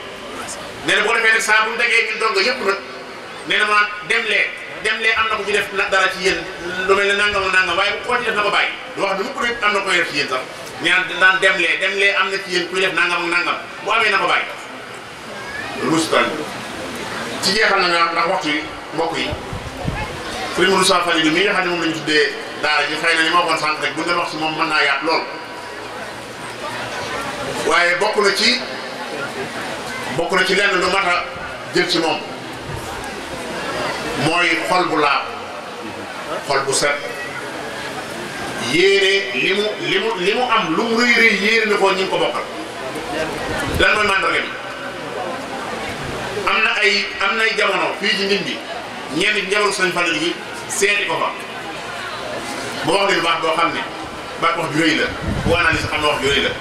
nee na bu ko defee saa bu mu tegee ñu dong na dem lee dem lee am na ko ci def dara ci yéen lu mel ne nangam nangam waaye bu ko ci def na ko bàyyi du wax ne mukk rek am na ko def ci yéen sax ñu naan daan dem lee dem lee am na ci yéen kuy def nangam ak amee na ko bàyyi. rustan ci jeexal na nga ndax waxtu yi mbokk yi Serigne Moussa Fallilou mi nga xam ne moom la ñu tuddee daara ji xëy na li ma waxoon rek bu ñu doon wax si moom mën naa yaat lool. waaye bokk na ci bokk na ci lenn lu mat jël ci moom mooy xol bu laab xol bu set yéene li mu li mu li mu am lu mu rëy rëy yéene ko ñu ngi ko bokkal lan mooy màndarga bi am na ay am nay jamono fii ci nit ñi ñenn njabaru sañ Fallou gi seeti ko fa ba wax leen baax boo xam ne baax wax ju la bu analyse xam ne wax ju rëy la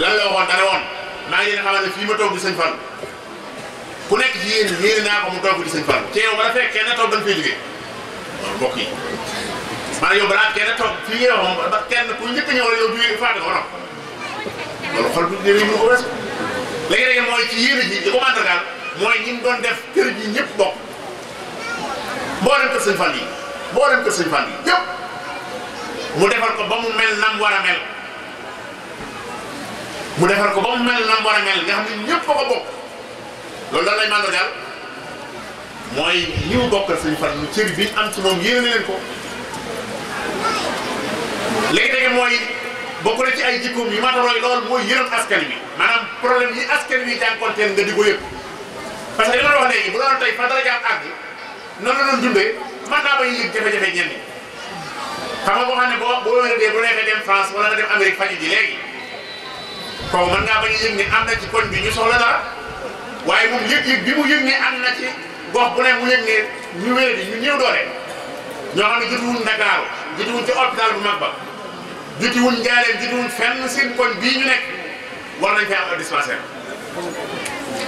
lan la waxoon dana woon di ku nekk ci yéen yéen mu toog di sëñ Fall te yow bala a ñëw rek ko nag loolu xol bi yéen mooy ci doon def kër gi ñëpp bokk boo dem kër sëñ Fall yi boo dem kër sëñ Fall yi yëpp mu defar ko ba mu mel nam war a mel mu defar ko boo mu mel na mu war a mel nga xam ne ñëpp a ko bokk loolu daal lay màndargaal mooy ñi mu bokkal Sëriñ Fallu lu cër biñ am ci moom yéene leen ko léegi-léegi mooy bokk na ci ay jikkoom yu mat a roy lool mooy yërëm askan wi maanaam problème yi askan wi jànkonteel nga di ko yëpp parce que li ma la wax fa dara jaam àgg noonu la doon dundee mën naa bay yëg jafe-jafe ñenn xam nga boo xam ne boo boo wéradee bu neexee dem France wala nga dem Amérique faj ji léegi kooku mën ngaa bañ a yëg ne am na ci koñ bi ñu soxla dara waaye moom yëg bi mu yëg ne am na ci gox bu ne mu yëg ne ñu wéer ñu ñëw doole ñoo xam ne jotuwul Ndakaaru jotuwul ci hôpital bu mag ba jotuwul Njaareem jotuwul fenn seen koñ bii ñu nekk war nañ fee am ab dispensaire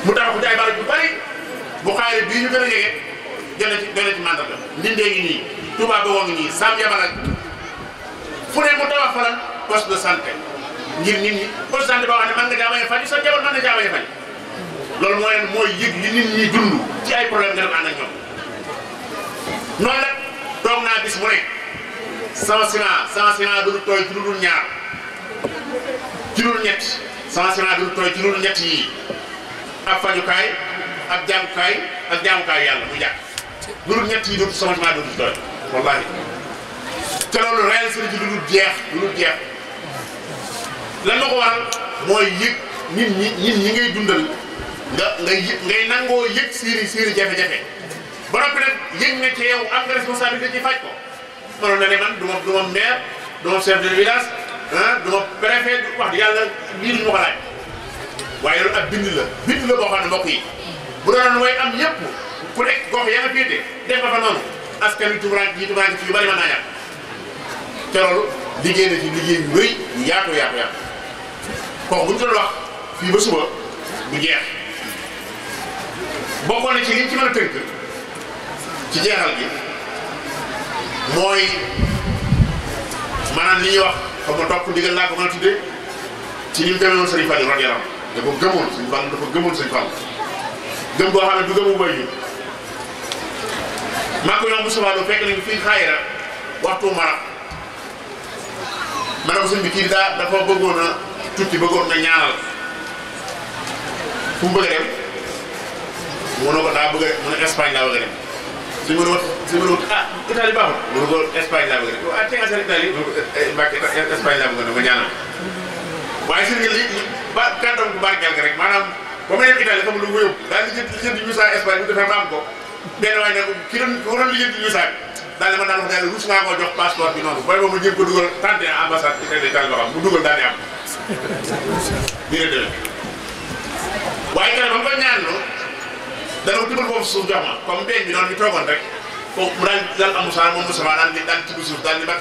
mu tax ko ci ay barab yu bari bu xaaree bii ñu gën a jege jënd ci jënd ci mandarga Ndindee ngi nii Touba Bogo ngi nii Sam Yabal ak fu ne mu tabax faral poste de santé. ngir nit ñi pourcentage boo xam ne mën nga caa bañ a faj sa jabar a faj loolu mooy leen mooy yëg li nit ñi dund ci ay problème nga dem ànd ak ñoom noonu nag toog naa bis mu ne sama ciment sama ciment du tooy ñett sama ciment du tooy ci lu dul ñett yii ak fajukaay ak jàngukaay ak jàngukaay yàlla mu jàkk lu dul ñett yi dootul sama ciment tooy wallahi te loolu réel sëriñ ci lu dul jeex lu dul jeex lan moo ko waral mooy yëg nit ñi nit ñi ngay dundal nga ngay yëg ngay nangoo yëg siiri siiri jafe-jafe ba noppi nag yëg nga ci am nga responsabilité ci faj ko mënoon na ne man du ma du ma maire du ma chef de village ah du ma préfet wax di yàlla lii duñu ma ko waaye loolu ab bind la bind la boo xam ne mbokk yi bu doonoon way am ñëpp ku nekk gox ya nga féete def nga fa noonu askan wi tubaab yi tubaab yi yu bari mën naa ñàkk te loolu liggéey na ci liggéey yu rëy kooku bu ñu ko fii ba suba du jeex bokkoon na ci liñ ci mën a tënk ci jeexal gi mooy maanaam li ñuy wax xam nga topp ndigal laa ko mën a tuddee ci ni mu gëmoon Serigne Fallou rajo yaram dafa gëmoon Serigne Fallou dafa gëmoon Serigne Fallou gëm boo xam ne du gëmu bay ñu maa ko ñoom bu subaa fekk nañu fii xaayira waxtu mara ma ne ko sëñ bi dafa bëggoon tukki bëggoon a dem mu ne ko daa a mu ne Espagne a dem su ma doon su ma doon ah Italie baaxul mu ne ko Espagne a dem ah tey nga seet Italie mu ne ko eh, eh, Mbacke eh, Espagne laa bëgg a dem nga ñaanal waaye sëñ bi li ba kàddoom bu barkeel rek maanaam ba mu nekk Italie xamul lu mu yóbbu daal di jënd di jënd visa Espagne bu defee ba am ko benn waay ne ko ki doon ku doon lijjanti daal di ma daan wax daal ruus naa koo jox passeport bi noonu booy boobu ma jéem ko dugal tànte ambassade bi tey de tànn loxo mu dugal daal di am lii la demee waaye keroog ba mu ko ñaanaloo dana ko dugal foofu suuf jox ma comme mbéy mi noonu ñu toogoon rek foofu mu daan daan am Moussa moom Moussa daan di daan tibb suuf daan di bàq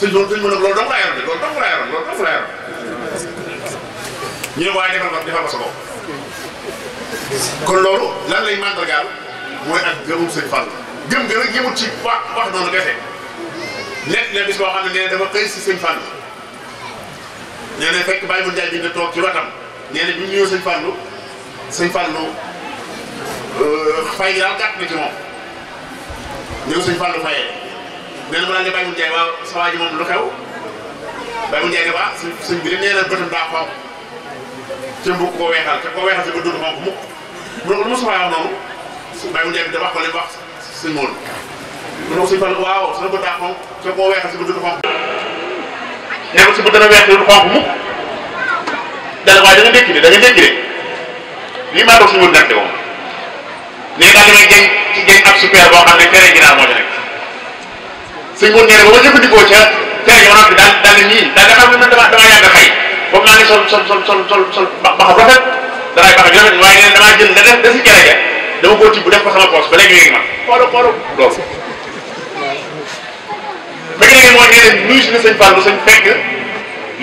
doon suñ mën a loolu dong loolu dong laa yoroon loolu dong laa yoroon ñu ne waaye defal ma ma sa bopp kon loolu lan lay màndargaal gëm gën a yëngu ci wax wax noonu kese nekk na bis boo xam ne nee na dama xëy si sëñ nee na fekk Baye Mouride Ndiaye bi nga toog ci watam nee na bi mu euh, ñëw sëñ Fallou sëñ fayee nee na mu daal di Baye Mouride Ndiaye waaw sa waa moom lu xew Baye Mouride Ndiaye ne waaw suñ suñ bi de nee na bëtam daa xonq te weexal te ko weexal si ba dund xonq mukk mu ne ko lu ma sa waay wax noonu Baye Mouride Ndiaye bi da wax ko li wax. sëñ Maodo. mu ne ko suñu fan waaw su la bët daa xonq su la koo weexal si bët du xonq. nee ko si bët dana weex du xonq mu. dana waaye da nga ndékki de da nga ndékki de lii maa doon suñu wër nekk de moom. léegi daal damay jëng ci jëng ab super boo xam ne fere ginaar moo ci nekk. sëñ Maodo nee na ba ma jëfandikoo ca fere yoo noppi daal daal ne nii daal nga xam ne man damaa damaa yàgg a xëy foog naa ne sol sol sol sol sol ba xam rafet danaay baax a rafet waaye nee na damaa jël la def da si cere ja dama koo tibb def ko sama poche ba léegi léegi man xoolal xoolal loolu. ba léegi mooy nee fekk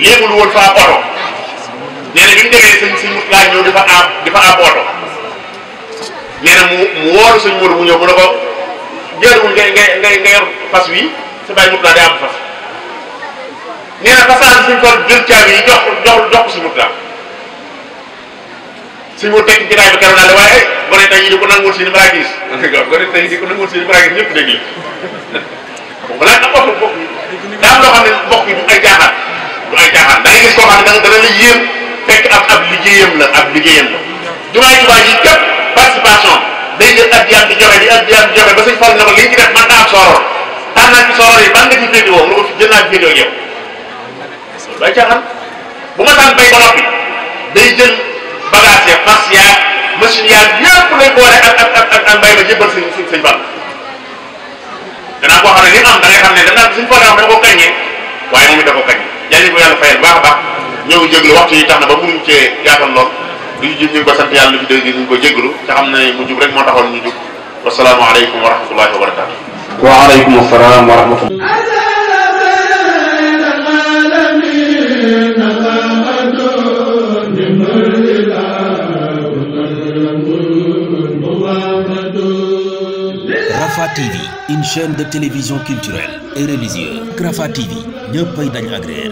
yéegul woon fa ab oto nee na mu demee sëñ sëñ Moussa ñëw di fa mu mu ñëw mu ne ko jëlagul nga nga nga nga fas wi sa bàyyi Moussa day am fas nee fasaan suñ ko jël caabi yi jox jox jox ko si Moussa. suñ mu teg jataay bi keroog daal waaye gone tey yi di ko nanguwul seen maraakiis gone tey yi di ko nanguwul seen maraakiis ñëpp dégg la boobu nag am bopp bopp daam loo xam ne mbokk yi du ay jaaxaan du ay jaaxaan da ngay gis xam ne dana la yéem fekk ab ab liggéeyam la ab liggéeyam la jumaa jumaa yi képp participation day jël at yam di joxe di at yam di joxe ba suñ fal na ko li ñu def man naa am sooroor tànn naa ci sooroor yi ban nga ci féetewoo lu ko jël naa ci bu ma tànn bay ba noppi bagaas ya fas yaag machine yaag yëpp lañ boole ak ak ak ak mbay ma jébbal suñ suñ suñ bàq. danaa koo xam ne li am da ngay xam ne danaa suñ programme da nga ko kañee waaye moom it da ko kañee yàlla ko yàlla fayal baax a baax ñëw jéglu waxtu yi tax na ba mënuñ cee yaatal lool li ñu jub ñu ngi ko sant yàlla lu ci dégg ñu ngi ko jéglu te xam ne mu jub rek moo taxoon ñu jub wasalaamaaleykum wa rahmatullahi wa barakaatu. waaleykum salaam wa rahmatulah. une chaîne de télévision culturelle et religieuse. Rafah TV ñëppay dañ agréer